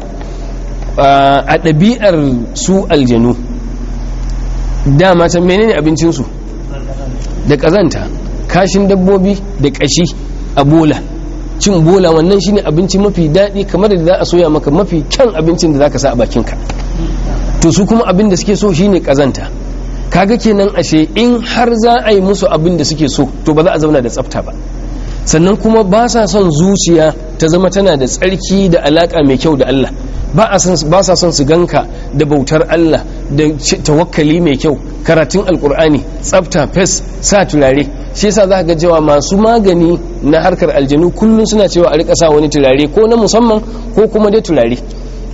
ah, a ɗabi'ar su aljanu dama can menene abincinsu da kazanta kashin dabbobi da kashi a bola cin bola wannan shine abinci mafi daɗi kamar da za a soya maka mafi kyan abincin da za ka sa a bakinka to su kuma abin da suke so shine kazanta kaga kenan ashe in har za a yi musu abin da suke so to ba za a zauna da tsafta ba sannan kuma ba sa son zuciya ta zama tana da tsarki da alaƙa mai kyau da Allah ba sa son su ganka da bautar Allah da tawakkali mai kyau karatun alkur'ani tsafta fes sa turare shi yasa za ga cewa masu magani na harkar aljanu kullum suna cewa a rika sa wani turare ko na musamman ko kuma dai turare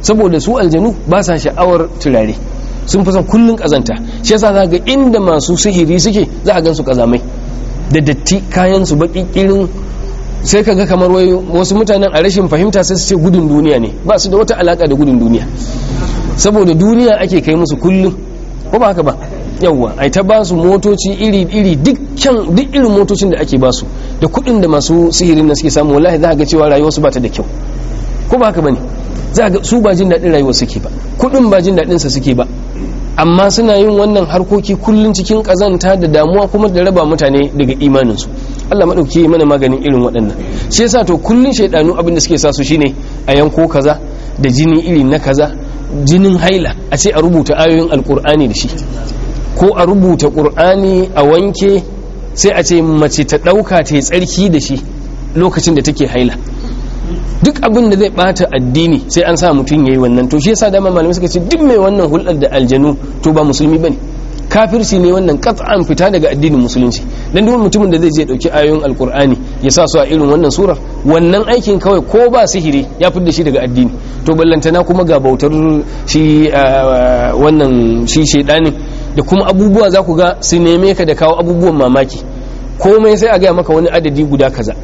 saboda su aljanu ba sa sha'awar turare sun fi son kullum kazanta shi yasa za ga inda masu sihiri suke za a gan su kazamai da datti kayansu su sai ka ga kamar wasu mutanen a rashin fahimta sai su ce gudun duniya ne ba su da wata alaka da gudun duniya saboda duniya ake kai musu kullum ko ba haka ba yawwa ai ta ba su motoci iri iri dukkan duk irin motocin da ake ba su da kuɗin da masu sihirin nan suke samu wallahi za ga cewa rayuwarsu su ba ta da kyau ko ba haka ne za ga su ba jin daɗin rayuwar suke ba kuɗin ba jin daɗin sa suke ba amma suna yin wannan harkoki kullum cikin kazanta da damuwa kuma da raba mutane daga imaninsu Allah maɗauki mana maganin irin waɗannan shi yasa to kullum shaiɗanu abin da suke sa su shine a yanko kaza da jini iri na kaza jinin haila a ce a rubuta ayoyin alkur'ani da shi ko a rubuta ƙur'ani a wanke sai a ce mace ta ɗauka ta yi tsarki da shi lokacin da take haila duk abin da zai bata addini sai an sa mutum ya yi wannan to shi yasa dama malamai suka ce duk mai wannan hulɗar da aljanu to ba musulmi ne? kafirci ne wannan an fita daga addinin musulunci dan duk mutumin da zai je dauki ayoyin alqur'ani ya sa su a irin wannan surar wannan aikin kawai ko ba sihiri ya fidda shi daga addini to ballantana kuma ga bautar shi ah, wannan shi shedanin da kuma abubuwa za ku ga su neme ka da kawo abubuwan mamaki komai sai a gaya maka wani adadi guda kaza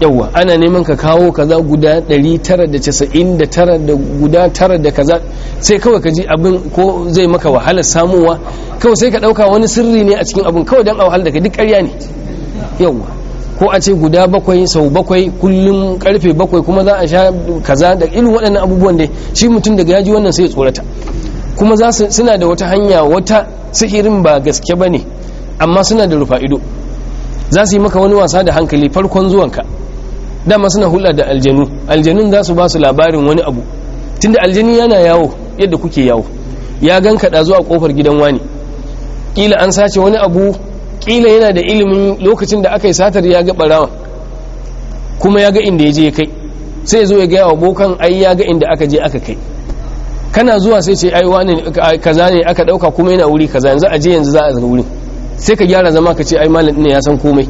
yawwa ana neman ka kawo kaza guda 999 da guda tara da kaza sai kawai ka ji abin ko zai maka wahalar samuwa kawai sai ka dauka wani sirri ne a cikin abin kawai don a daga duk karya ne yawwa ko a ce guda bakwai sau bakwai kullum karfe bakwai kuma za a sha kaza da irin waɗannan abubuwan dai shi mutum daga yaji wannan sai ya tsorata kuma suna da wata hanya wata sihirin ba gaske ba ne amma suna da rufa ido za su yi maka wani wasa da hankali farkon zuwanka dama suna hula da aljanu aljanun za su ba su labarin wani abu tunda aljani yana yawo yadda kuke yawo ya gan kaɗa zuwa ƙofar gidan wani ƙila an sace wani abu ƙila yana da ilimin lokacin da aka yi satar ya ga ɓarawan kuma ya ga inda ya je kai sai zo ya gaya wa bokan ai ya ga inda aka je aka kai kana zuwa sai ce ai wani kaza ne aka dauka kuma yana wuri kaza yanzu aje yanzu za a zaga wuri sai ka gyara zama ka ce ai malam ne ya san komai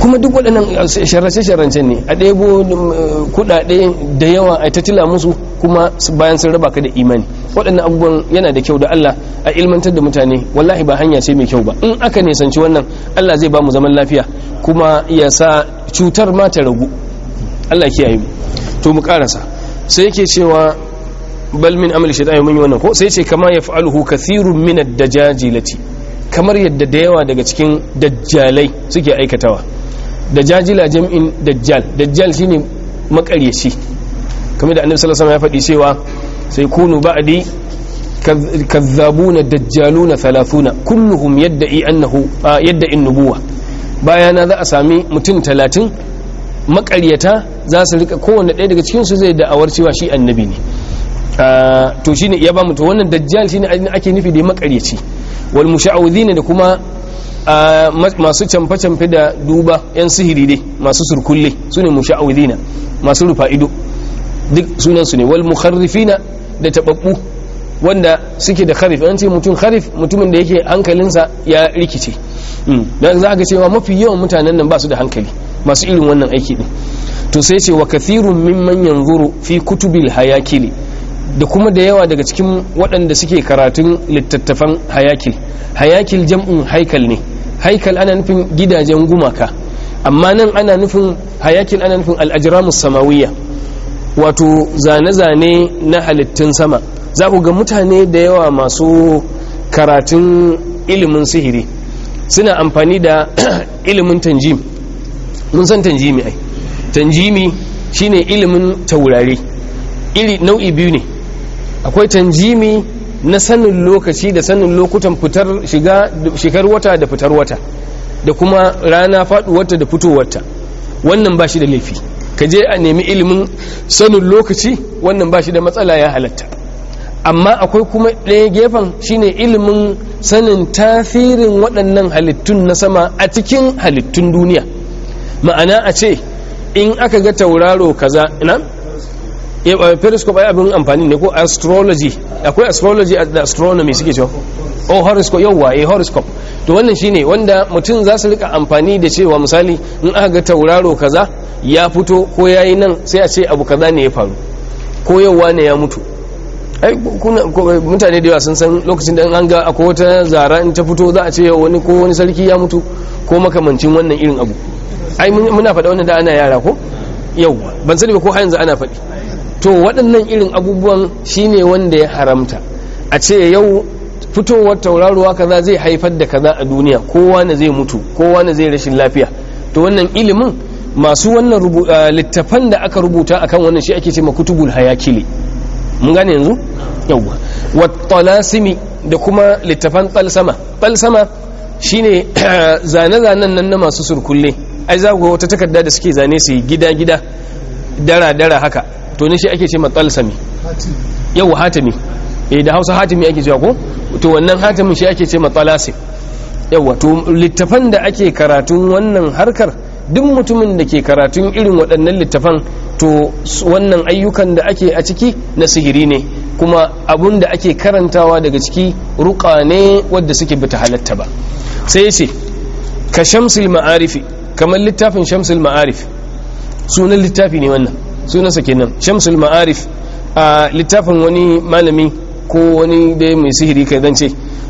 kuma duk waɗannan uh, sharrace-sharrancen ne a ɗebo um, uh, kuɗaɗe da yawa a ta tila musu kuma bayan sun raba ka da imani waɗannan abubuwan yana da kyau da Allah a ilmantar da mutane wallahi ba hanya ce mai kyau ba in aka nisanci wannan Allah zai ba mu zaman lafiya kuma ya sa cutar ma ta ragu Allah kiyaye mu to mu karasa sai yake cewa bal min amali shaytan mun yi wannan ko sai ce kama yaf'aluhu kathiru min ad-dajajilati kamar yadda da yawa daga cikin dajjalai suke aikatawa dajajila jam'in dajjal dajjal shine makaryaci kamar da annabi sallallahu alaihi wasallam ya faɗi cewa sai kunu ba'di kazzabuna dajjaluna thalathuna kulluhum yadda'i annahu yadda'i nubuwa bayana za a sami mutum talatin makaryata za su rika kowane ɗaya daga cikinsu zai da'awar cewa shi annabi ne to shine ya ba mu wannan dajjal shine ake nufi da makareci wal musha'udhin da kuma masu camfe-camfe da duba yan sihiri dai masu surkulle sune musha'udhin masu rufa ido duk sunan su ne wal mukharrifina da tababbu wanda suke da kharif an ce mutum kharif mutumin da yake hankalinsa ya rikice dan za ka cewa mafi yawan mutanen nan ba su da hankali masu irin wannan aiki din to sai ce wa kathirun mimman yanzuru fi kutubil hayakili da kuma da yawa daga cikin waɗanda suke karatun littattafan hayakil hayakil jam'in haikal ne haikal ana nufin gidajen gumaka amma nan ana nufin hayakil ana nufin al'ajiramus samawiya wato zane-zane na halittun sama za ku ga mutane da yawa masu karatun ilimin sihiri suna amfani da ilimin tanjim mun san tanjimi ai tanjimi shine ilimin taurari iri nau'i biyu ne akwai tanjimi na sanin lokaci da sanin lokutan fitar shiga shigar wata da fitar wata da kuma rana faduwarta da fitowarta wannan ba shi da laifi ka je a nemi ilimin sanin lokaci wannan ba shi da matsala ya halatta amma akwai kuma ɗaya gefen shine ilimin sanin tasirin waɗannan halittun na sama a cikin halittun duniya ma'ana a ce in aka ga tauraro kaza Eh, eh, periscope ai abin amfani ne ko astrology akwai astrology da astronomy suke cewa o oh, horoscope yau eh horoscope to wannan shine wanda mutum za su rika amfani da cewa misali in aka ga tauraro kaza ya fito ko yayi nan sai a ce abu kaza ne ya faru ko wa ne ya mutu ai mutane da yawa sun san lokacin da an ga akwai wata zara in ta fito za a ce wani ko wani sarki ya mutu ko makamancin wannan irin abu ai muna faɗa wannan da ana yara ko yau ban sani ba ko har yanzu ana faɗi to waɗannan irin abubuwan shine wanda ya haramta a ce yau fitowar tauraruwa kaza zai haifar da kaza a duniya kowa na zai mutu kowa na zai rashin lafiya to wannan ilimin masu wannan eh, littafan da aka rubuta akan wannan shi ake ce ma kutubul hayakili mun gane yanzu yawwa wa da kuma littafan talsama talsama shine eh, zane-zanen nan na masu surkulle ai za ku wata takarda da suke zane su gida-gida dara-dara haka to ne shi ake ce matsalsami yau hatimi eh da hausa hatimi ake cewa ko to wannan hatimin shi ake ce matsalasi yawa to littafan da ake karatun wannan harkar duk mutumin da ke karatun irin waɗannan littafan to wannan ayyukan da ake a ciki na sihiri ne kuma abun da ake karantawa daga ciki ruka ne wadda suke bata halatta ba sai ce ka shamsul ma'arifi kamar littafin shamsul ma'arifi sunan littafi ne wannan sunansa kenan shamsul ma'arif a littafin wani malami ko wani dai mai sihiri kai zance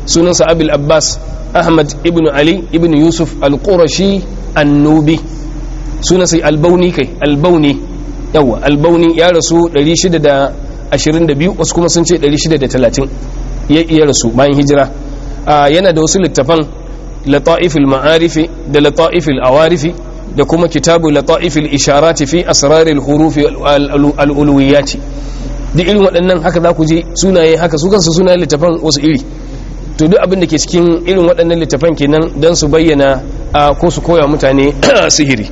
sunansa abil abbas ahmad ibn ali ibn yusuf al-qurashi annubi sunansa albauni kai albauni yawa albauni ya rasu 622 wasu kuma sun ce 630 ya iya rasu bayan hijira yana da wasu littafan lata'ifil ma'arifi da lata'ifil awarifi da kuma kitabu lata'ifil isharati fi asraril hurufi al-ulwiyati duk irin waɗannan haka za ku je sunaye haka su kansu sunayen littafan wasu iri to duk abin da ke cikin irin waɗannan littafan kenan don su bayyana a ko su koya mutane sihiri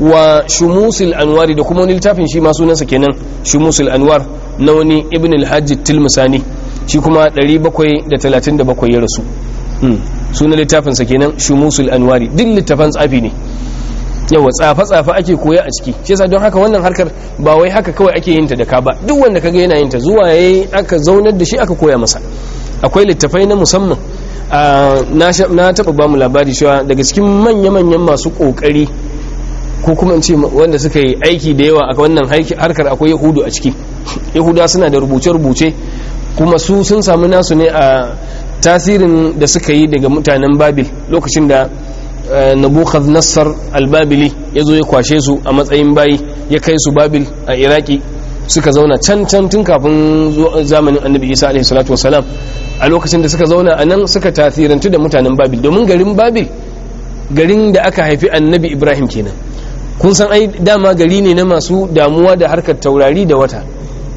wa shumusul anwari da kuma wani littafin shi ma sunansa kenan shumusul anwar na wani ibn al-hajj tilmusani shi kuma 737 ya rasu hmm. sunan littafinsa kenan shumusul anwari duk littafan tsafi ne yawa tsafa-tsafa ake koya a ciki shi yasa don haka wannan harkar ba wai haka kawai ake yin ta da ka ba duk wanda kaga yana yin ta zuwa yayi aka zaunar da shi aka koya masa akwai littafai na musamman ah, na taba ba mu labari cewa daga cikin manya-manyan masu kokari ko kuma in ce wanda suka yi aiki da yawa a wannan harkar akwai yahudu a ciki yahuda suna da rubuce-rubuce kuma su sun samu nasu ne a tasirin da suka yi daga mutanen babil lokacin da Eh, nabukhad nassar albabili ya zo ya kwashe su a matsayin bayi ya kai su babil a iraki suka zauna can can tun kafin zamanin annabi isa alaihi salatu a lokacin da suka zauna a nan suka tasirantu da mutanen babil domin garin babil garin da aka haifi annabi ibrahim kenan kun san ai dama gari ne na masu damuwa da harkar taurari da wata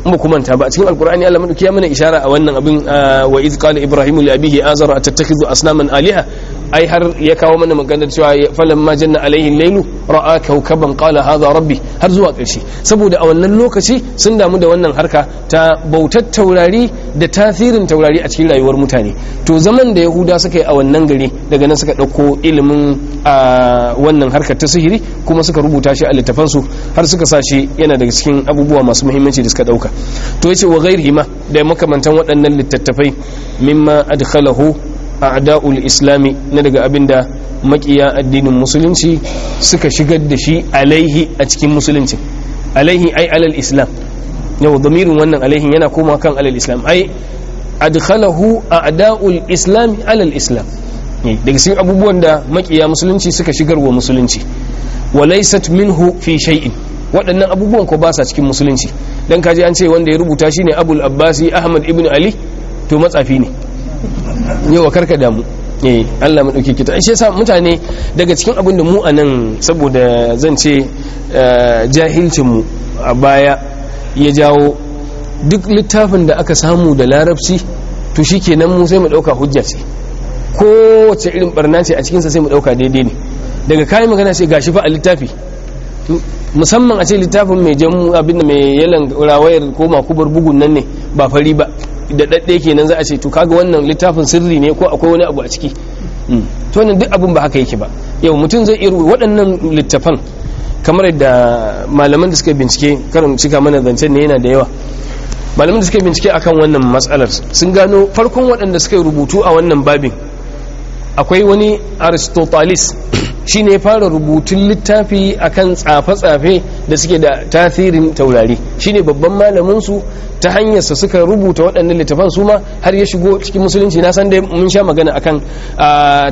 ba ku manta ba a cikin alkur'ani Allah madauki ya mana ishara a wannan abin wa iz qala ibrahim li abihi azara attattakhidhu asnaman aliha ai har ya kawo mana maganar cewa falan ma janna alaihi lailu ra'a kaukaban qala hadha rabbi har zuwa ƙarshe saboda a wannan lokaci sun damu da wannan harka ta bautar taurari da tasirin taurari a cikin rayuwar mutane to zaman da yahuda suka yi a wannan gari daga nan suka ɗauko ilimin a wannan harkar ta sihiri kuma suka rubuta shi a littafan su har suka sa shi yana daga cikin abubuwa masu muhimmanci da suka ɗauka to yace wa ghairihi ma da makamantan waɗannan littattafai mimma adkhalahu a'da'ul islami na daga abin da makiya addinin musulunci suka shigar da shi alaihi a cikin musulunci alaihi ai alal islam yau damirin wannan alaihin yana koma kan alal islam ai adkhalahu a'da'ul islami alal islam eh, daga cikin abubuwan da makiya musulunci suka shigar wa musulunci wa laysat minhu fi shay'in waɗannan abubuwan ko ba sa cikin musulunci dan kaji an ce wanda ya rubuta shine abul abbasi ahmad ibn ali to matsafi ne wa karka damu eh Allah mu dauke kita shi yasa mutane daga cikin abin da mu anan saboda zan ce eh, jahilcin mu a baya ya jawo duk littafin da aka samu da larabci to shikenan mu sai mu dauka hujja ce kowace irin barna ce a cikinsa sai mu dauka daidai ne daga kayan magana sai gashi fa a littafi musamman a ce littafin mai jan abin da mai yalan rawayar ko makubar bugun nan ne ba fari ba da ɗaɗɗe kenan za a ce to kaga wannan littafin sirri ne ko akwai wani abu a ciki hmm. to wannan duk abun ba haka yake ba yau mutum zai iya waɗannan littafan kamar yadda malaman da suka bincike karin cika mana zancen ne yana da yawa malaman da suka bincike akan wannan matsalar sun gano farkon waɗanda suka rubutu a wannan babin akwai wani aristotelis shi ne fara rubutun littafi akan tsafe-tsafe da suke da tasirin taurari shi ne babban malaminsu ta hanyarsa suka rubuta waɗannan littafan su ma har ya shigo cikin musulunci na san da mun sha magana akan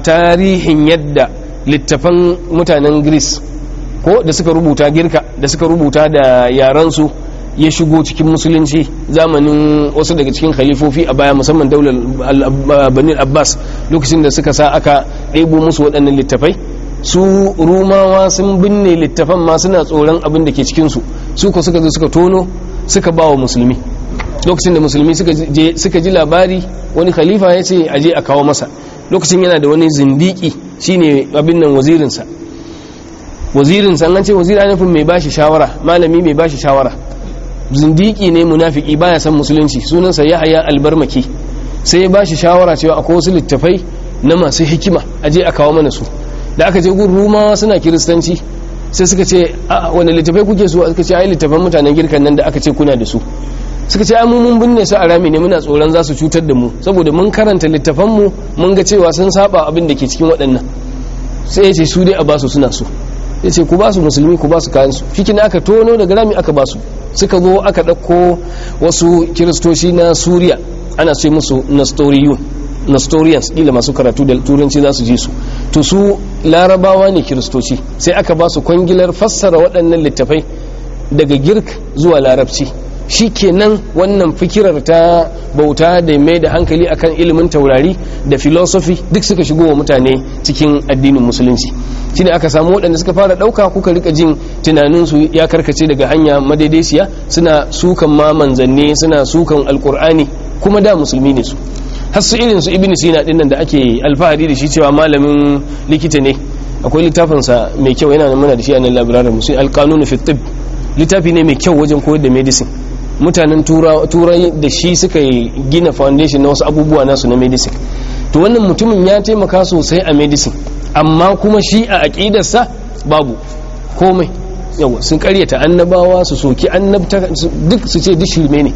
tarihin yadda littafan mutanen greece ko da suka rubuta girka da suka rubuta da yaransu ya shigo cikin musulunci zamanin wasu daga cikin khalifofi a baya musamman daular banin abbas lokacin da suka sa aka ɗebo musu waɗannan littafai su rumawa sun binne littafan ma suna tsoron abin da ke cikinsu su ko suka zo suka tono suka ba wa musulmi lokacin da musulmi suka ji labari wani khalifa ya ce a je a kawo masa lokacin yana da wani zindiki shine abin nan wazirinsa wazirinsa an ce wazira nufin mai bashi shawara malami mai bashi shawara zindiki ne munafiki baya san musulunci sunansa yahaya albarmaki sai ya bashi shawara cewa akwai wasu littafai na masu hikima aje a kawo mana su da aka je gun rumawa suna kiristanci sai suka ce a wani littafai kuke su suka ce ai littafan mutanen girkan nan da aka ce kuna da su suka ce amma mun binne su a rami ne muna tsoron za su cutar da mu saboda mun karanta littafan mu mun ga cewa sun saba abin da ke cikin waɗannan sai ya ce su dai a basu suna so ya ce ku basu musulmi ku basu kayan su fikin aka tono daga rami aka basu suka zo aka ɗauko wasu kiristoci na suriya ana ce musu nestorians ƙila masu karatu da turanci za su ji su to su larabawa ne kiristoci sai aka ba su kwangilar fassara waɗannan littafai daga girk zuwa larabci shi kenan wannan fikirar ta bauta da mai da hankali akan ilimin taurari da filosofi duk suka shigo wa mutane cikin addinin musulunci shine aka samu waɗanda suka fara ɗauka kuka rika jin tunaninsu ya karkace daga hanya madaidaiciya suna sukan ma manzanni suna sukan alkur'ani kuma da musulmi ne su har su irin su ibn sina dinnan da ake alfahari da shi cewa malamin likita ne akwai littafinsa mai kyau yana mana da shi a nan labirarin musulmi alkanunu fi littafi ne mai kyau wajen koyar da medicine mutanen turai da shi suka yi gina foundation na wasu abubuwa nasu na medicine to wannan mutumin ya taimaka sosai a medicine amma kuma shi a aƙidarsa babu komai yawa sun karyata annabawa su soki annabta duk su ce duk shirme ne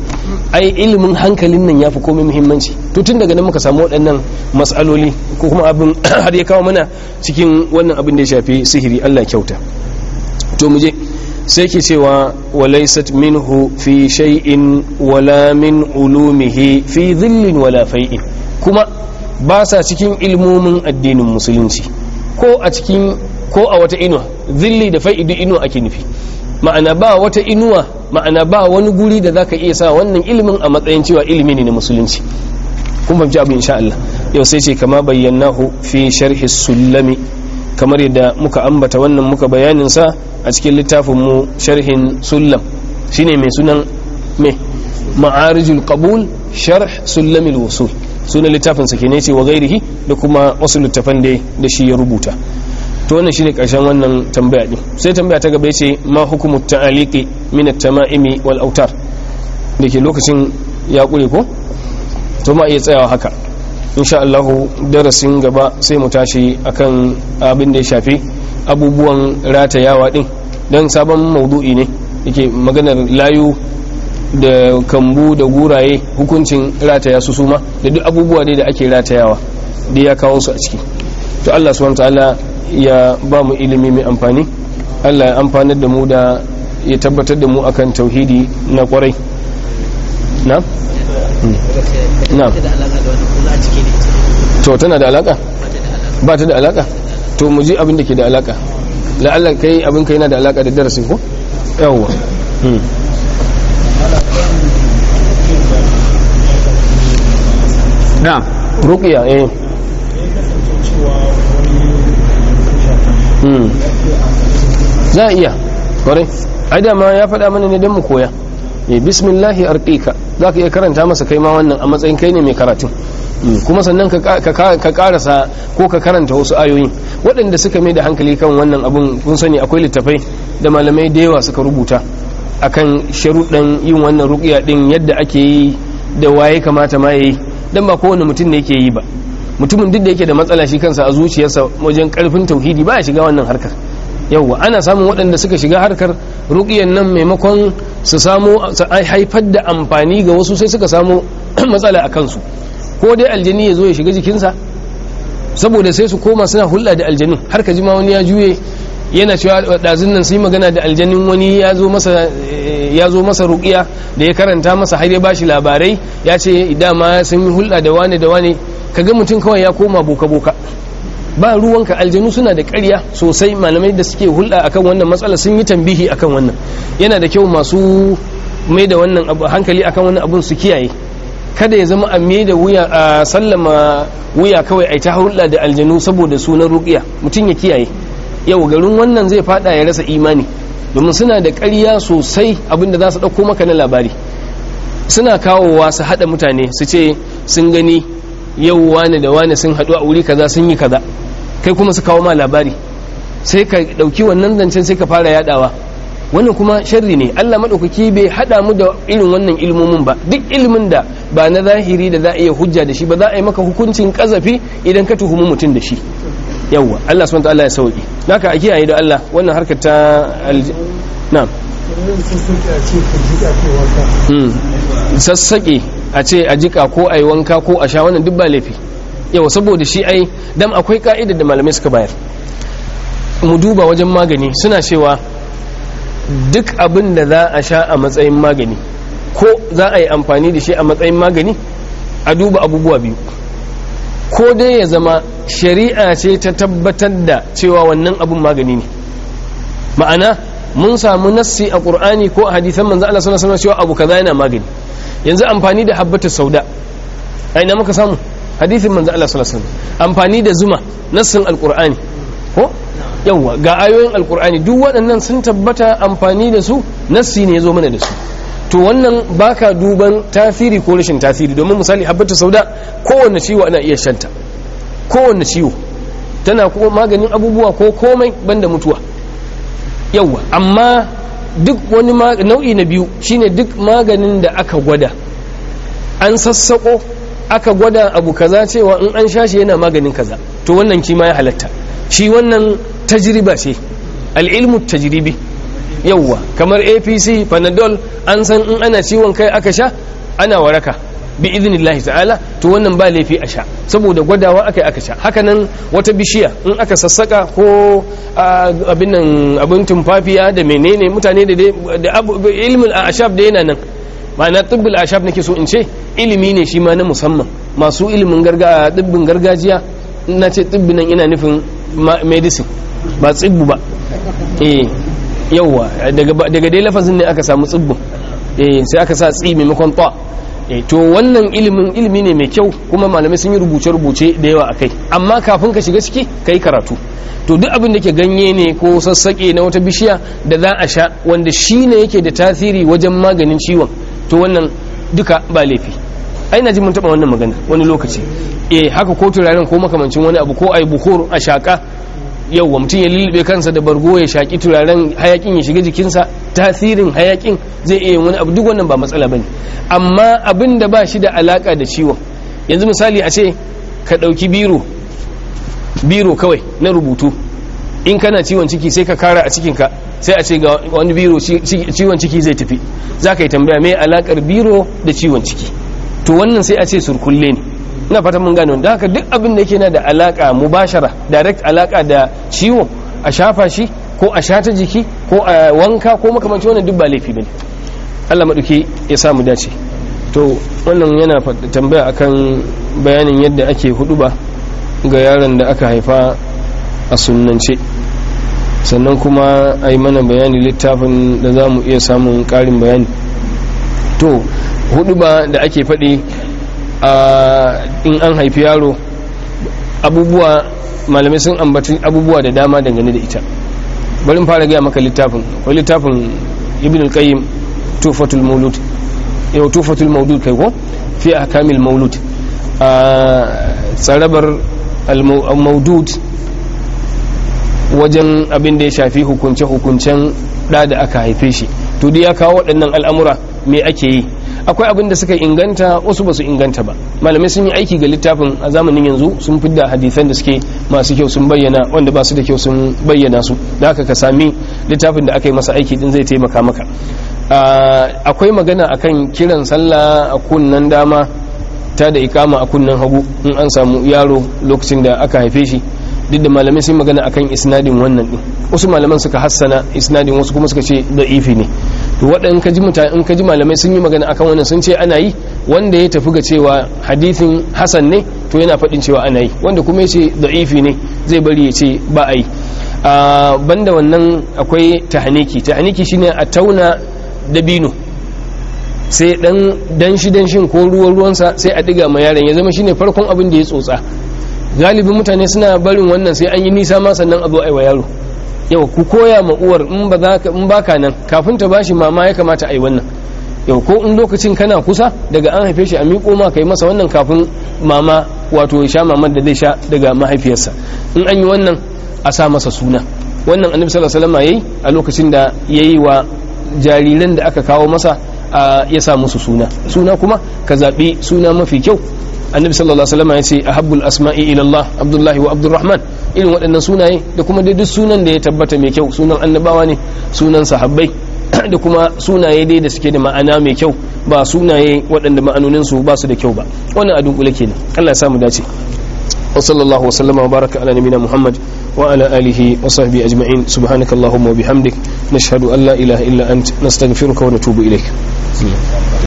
ai ilimin hankalin nan ya fi komai muhimmanci to tun daga nan muka samu waɗannan matsaloli ko kuma abin har ya kawo mana cikin wannan abin da ya shafi sihiri Allah kyauta to mu je sai ke cewa walaisat minhu fi shay'in wala min ulumihi fi dhillin wala fai'in kuma ba sa cikin ilmomin addinin musulunci ko a cikin ko a wata inuwa dhilli da fai'i duk inuwa ake nufi ma'ana ba wata inuwa ma'ana ba wani guri da zaka iya sa wannan ilmin a matsayin cewa ilimi ne na musulunci kun fahimci abu insha Allah yau sai ce kama bayyanahu fi sharhi sulami kamar yadda muka ambata wannan muka bayanin sa a cikin littafin mu sharhin sullam shine mai sunan me ma'arijul qabul sharh sullamil wusul sunan littafin sa kenan ce wa gairihi da kuma wasu littafan da da shi ya rubuta to wannan shine karshen wannan tambaya din sai tambaya ta gaba yace ma hukumu ta'aliqi min at-tama'imi wal autar dake lokacin ya kure ko to ma iya tsayawa haka inshaallahu Allah darasin gaba sai mu tashi akan abin da ya shafi abubuwan ratayawa din don sabon maudu'i ne yake maganar layu da kambu da guraye hukuncin rataya su suma da duk abubuwa ne da ake ratayawa da ya kawo su a ciki to Allah subhanahu ta'ala ya ba mu ilimi mai amfani Allah ya amfanar da mu da ya tabbatar da mu akan tauhidi na kwarai na'am na hmm. to tana da alaka ba ta da alaka to mu ji abin da ke da alaka la'allar kai abin kai na da alaka da darasin ko yawon hmm. na rukiya eh hmm. za a iya kwarai adama ya faɗa mana ne don mu koya eh, bismillahi arqika za ka iya karanta masa kai ma wannan a matsayin kai ne mai karatun Mm. kuma sannan ka karasa ko ka karanta wasu ayoyin waɗanda suka mai da hankali kan wannan abun kun sani akwai littafai da malamai da yawa suka rubuta akan sharuɗan yin wannan ruƙiya ɗin yadda ake yi da waye kamata ma yayi dan ba kowane mutum ne yake yi ba mutumin duk da yake da matsala shi kansa a zuciyarsa wajen karfin tauhidi ba ya shiga wannan harkar yawwa ana samun waɗanda suka shiga harkar ruƙiyar nan maimakon su samu haifar da amfani ga wasu sai suka samu matsala a kansu ko dai aljini ya zo ya shiga jikinsa saboda sai su koma suna hulɗa da aljanin har ka ji ma wani ya juye yana cewa ɗazin nan sai magana da aljanin wani ya zo masa ruƙiya da ya karanta masa har ya ba shi labarai ya ce dama sun yi hulɗa da wane da wane ka ga mutum kawai ya koma boka-boka ba ruwanka aljanu suna da ƙarya sosai malamai da suke hulɗa akan wannan matsala sun yi tambihi akan wannan yana da kyau masu mai da wannan hankali akan wannan abun su kiyaye kada ya zama amme da wuya a sallama wuya kawai a ta hulɗa da aljanu saboda sunan ruƙiya mutum ya kiyaye yau garin wannan zai fada ya rasa imani domin suna da ƙarya sosai abinda za su ɗauko maka na labari suna kawowa su haɗa mutane su ce sun gani yau wane da wane sun haɗu a wuri kaza sun yi kaza kai kuma su kawo ma labari sai ka ɗauki wannan zancen sai ka fara yaɗawa wannan kuma sharri ne Allah madaukaki bai hada mu da irin wannan ilmomin ba duk ilmin da ba na zahiri da za a iya hujja da shi ba za a yi maka hukuncin kazafi idan ka tuhumi mutum da shi yawwa Allah subhanahu ta'ala ya sauki naka a kiyaye da Allah wannan harkar ta na'am hmm, sassaƙe a ce a jika ko a yi wanka ko a sha wannan duk ba laifi yawa saboda shi ai dan akwai ka'idar da malamai suka bayar mu duba wajen magani suna cewa duk abin da za a sha a matsayin magani ko za a yi amfani da shi a matsayin magani a duba abubuwa biyu ko dai ya zama shari'a ce ta tabbatar da cewa wannan abin magani ne ma'ana mun samu nassi a ƙur'ani ko a hadithan manzo Allah sallallahu alaihi cewa abu kaza yana magani yanzu amfani da habbatu sauda a ina muka samu hadithin manzo Allah sallallahu alaihi amfani da zuma nassin alqur'ani ko yawwa ga ayoyin alkur'ani duk waɗannan sun tabbata amfani da su nassi ne ya zo mana da su to wannan baka duban tasiri ko rashin tasiri domin misali habbatu sauda kowanne ciwo ana iya shanta kowanne ciwo tana kuma maganin abubuwa ko komai banda mutuwa yawwa amma duk wani nau'i na biyu shine duk maganin da aka gwada an sassako aka gwada abu kaza cewa in an sha shi yana maganin kaza to wannan kima ya halatta shi wannan tajriba ce al'ilmu tajribi yawwa kamar apc panadol an san in ana ciwon kai aka sha ana waraka bi izini idinillahi ta'ala to wannan ba laifi a sha saboda gwadawa aka yi aka sha hakanan wata bishiya in aka sassaka ko abin abin tumfafiya da menene mutane da ilmin a ashab da yana nan ma'ana tibbul ashab nake so in ce ilimi ne shi ma na musamman masu ilimin gargajiya na ce tibbi nan ina nufin medicine ba tsibbu ba eh yawwa daga dai lafazin ne aka samu tsibbu eh sai aka sa tsi maimakon ta eh to wannan ilimin ilimi ne mai kyau kuma malamai sun yi rubuce rubuce da yawa akai amma kafin ka shiga ciki kai karatu to duk abin da ke ganye ne ko sassaƙe na wata bishiya da za a sha wanda shi ne yake da tasiri wajen maganin ciwon to wannan duka ba laifi ai na ji mun taɓa wannan magana wani lokaci eh haka ko turaren ko makamancin wani abu ko a yi buhur a shaƙa yauwa mutum ya lulluɓe kansa da bargo ya shaƙi turaren hayakin ya shiga jikinsa tasirin hayakin zai iya wani abu duk wannan ba matsala ne amma abin da ba shi da alaka da ciwon yanzu misali a ce ka ɗauki biro biro kawai na rubutu in kana ciwon ciki sai ka kara a cikinka sai a ce ga wani biro ciwon ciki zai tafi za ka yi tambaya mai alakar biro da ciwon ciki to wannan sai a ce surkulle ne ina fata mun gane da haka duk abin da yake na da alaka mubashara direct alaka da ciwo a shafa shi ko a shata jiki ko a wanka ko makamancin wannan duk ba laifi bane Allah maduki ya samu dace to wannan yana tambaya akan bayanin yadda ake huduba ga yaron da aka haifa a sunnance sannan kuma a yi mana bayani littafin da za mu iya samun karin bayani to huduba da ake faɗi in an haifi yaro abubuwa malamai sun ambaci abubuwa da dama dangane da ita bari in fara gaya maka littafin akwai littafin ibn al tufatul maulud yau tufatul maulud kai ko fi maulud a tsarabar al-maudud wajen abin da ya shafi hukunce-hukuncen da da aka haife shi to dai ya kawo waɗannan al'amura me ake yi akwai abin da suka inganta wasu basu su inganta ba malamai sun yi aiki ga littafin a zamanin yanzu sun fidda hadisan da suke masu kyau sun bayyana wanda ba su da kyau sun bayyana su da haka ka sami littafin da aka yi masa aiki din zai taimaka maka akwai magana akan kiran sallah a kunnan dama ta da ikama a kunnan hagu in an samu yaro lokacin da aka haife shi duk da malamai sun magana akan isnadin wannan din wasu malaman suka hassana isnadin wasu kuma suka ce da ifi ne to waɗanda ka ji mutane in ka ji malamai sun yi magana akan wannan sun ce ana yi wanda ya tafi ga cewa hadithin hasan ne to yana faɗin cewa ana yi wanda kuma ya ce da'ifi ne zai bari ya ce ba a yi banda wannan akwai tahaniki tahaniki shine a tauna dabino sai dan danshi danshin ko ruwan ruwansa sai a diga ma yaron ya zama shine farkon abin da ya tsotsa galibin mutane suna barin wannan sai an yi nisa ma sannan a zo a wa yaro yau ku koya ma uwar in ba in baka nan kafin ta bashi mama ya kamata a yi wannan yau ko in lokacin kana kusa daga an haife shi a miƙo ma kai masa wannan kafin mama wato ya sha mamar da zai sha daga mahaifiyarsa in an yi wannan a sa masa suna wannan annabi sallallahu alaihi wasallam yayi a lokacin da yayi wa jariran da aka kawo masa ya sa musu suna suna kuma ka zabi suna mafi kyau annabi sallallahu alaihi wasallam ya ce ahabbul asma'i ila Allah abdullahi wa abdurrahman irin waɗannan sunaye da kuma dai duk sunan da ya tabbata mai kyau sunan annabawa ne sunan sahabbai da kuma sunaye dai da suke da ma'ana mai kyau ba sunaye waɗanda ma'anonin su ba su da kyau ba wannan adun dunkule kenan Allah ya samu dace wa sallallahu wa baraka ala nabina muhammad wa ala alihi wa sahbihi ajma'in subhanakallahumma wa bihamdik nashhadu an la ilaha illa ant nastaghfiruka wa natubu ilaik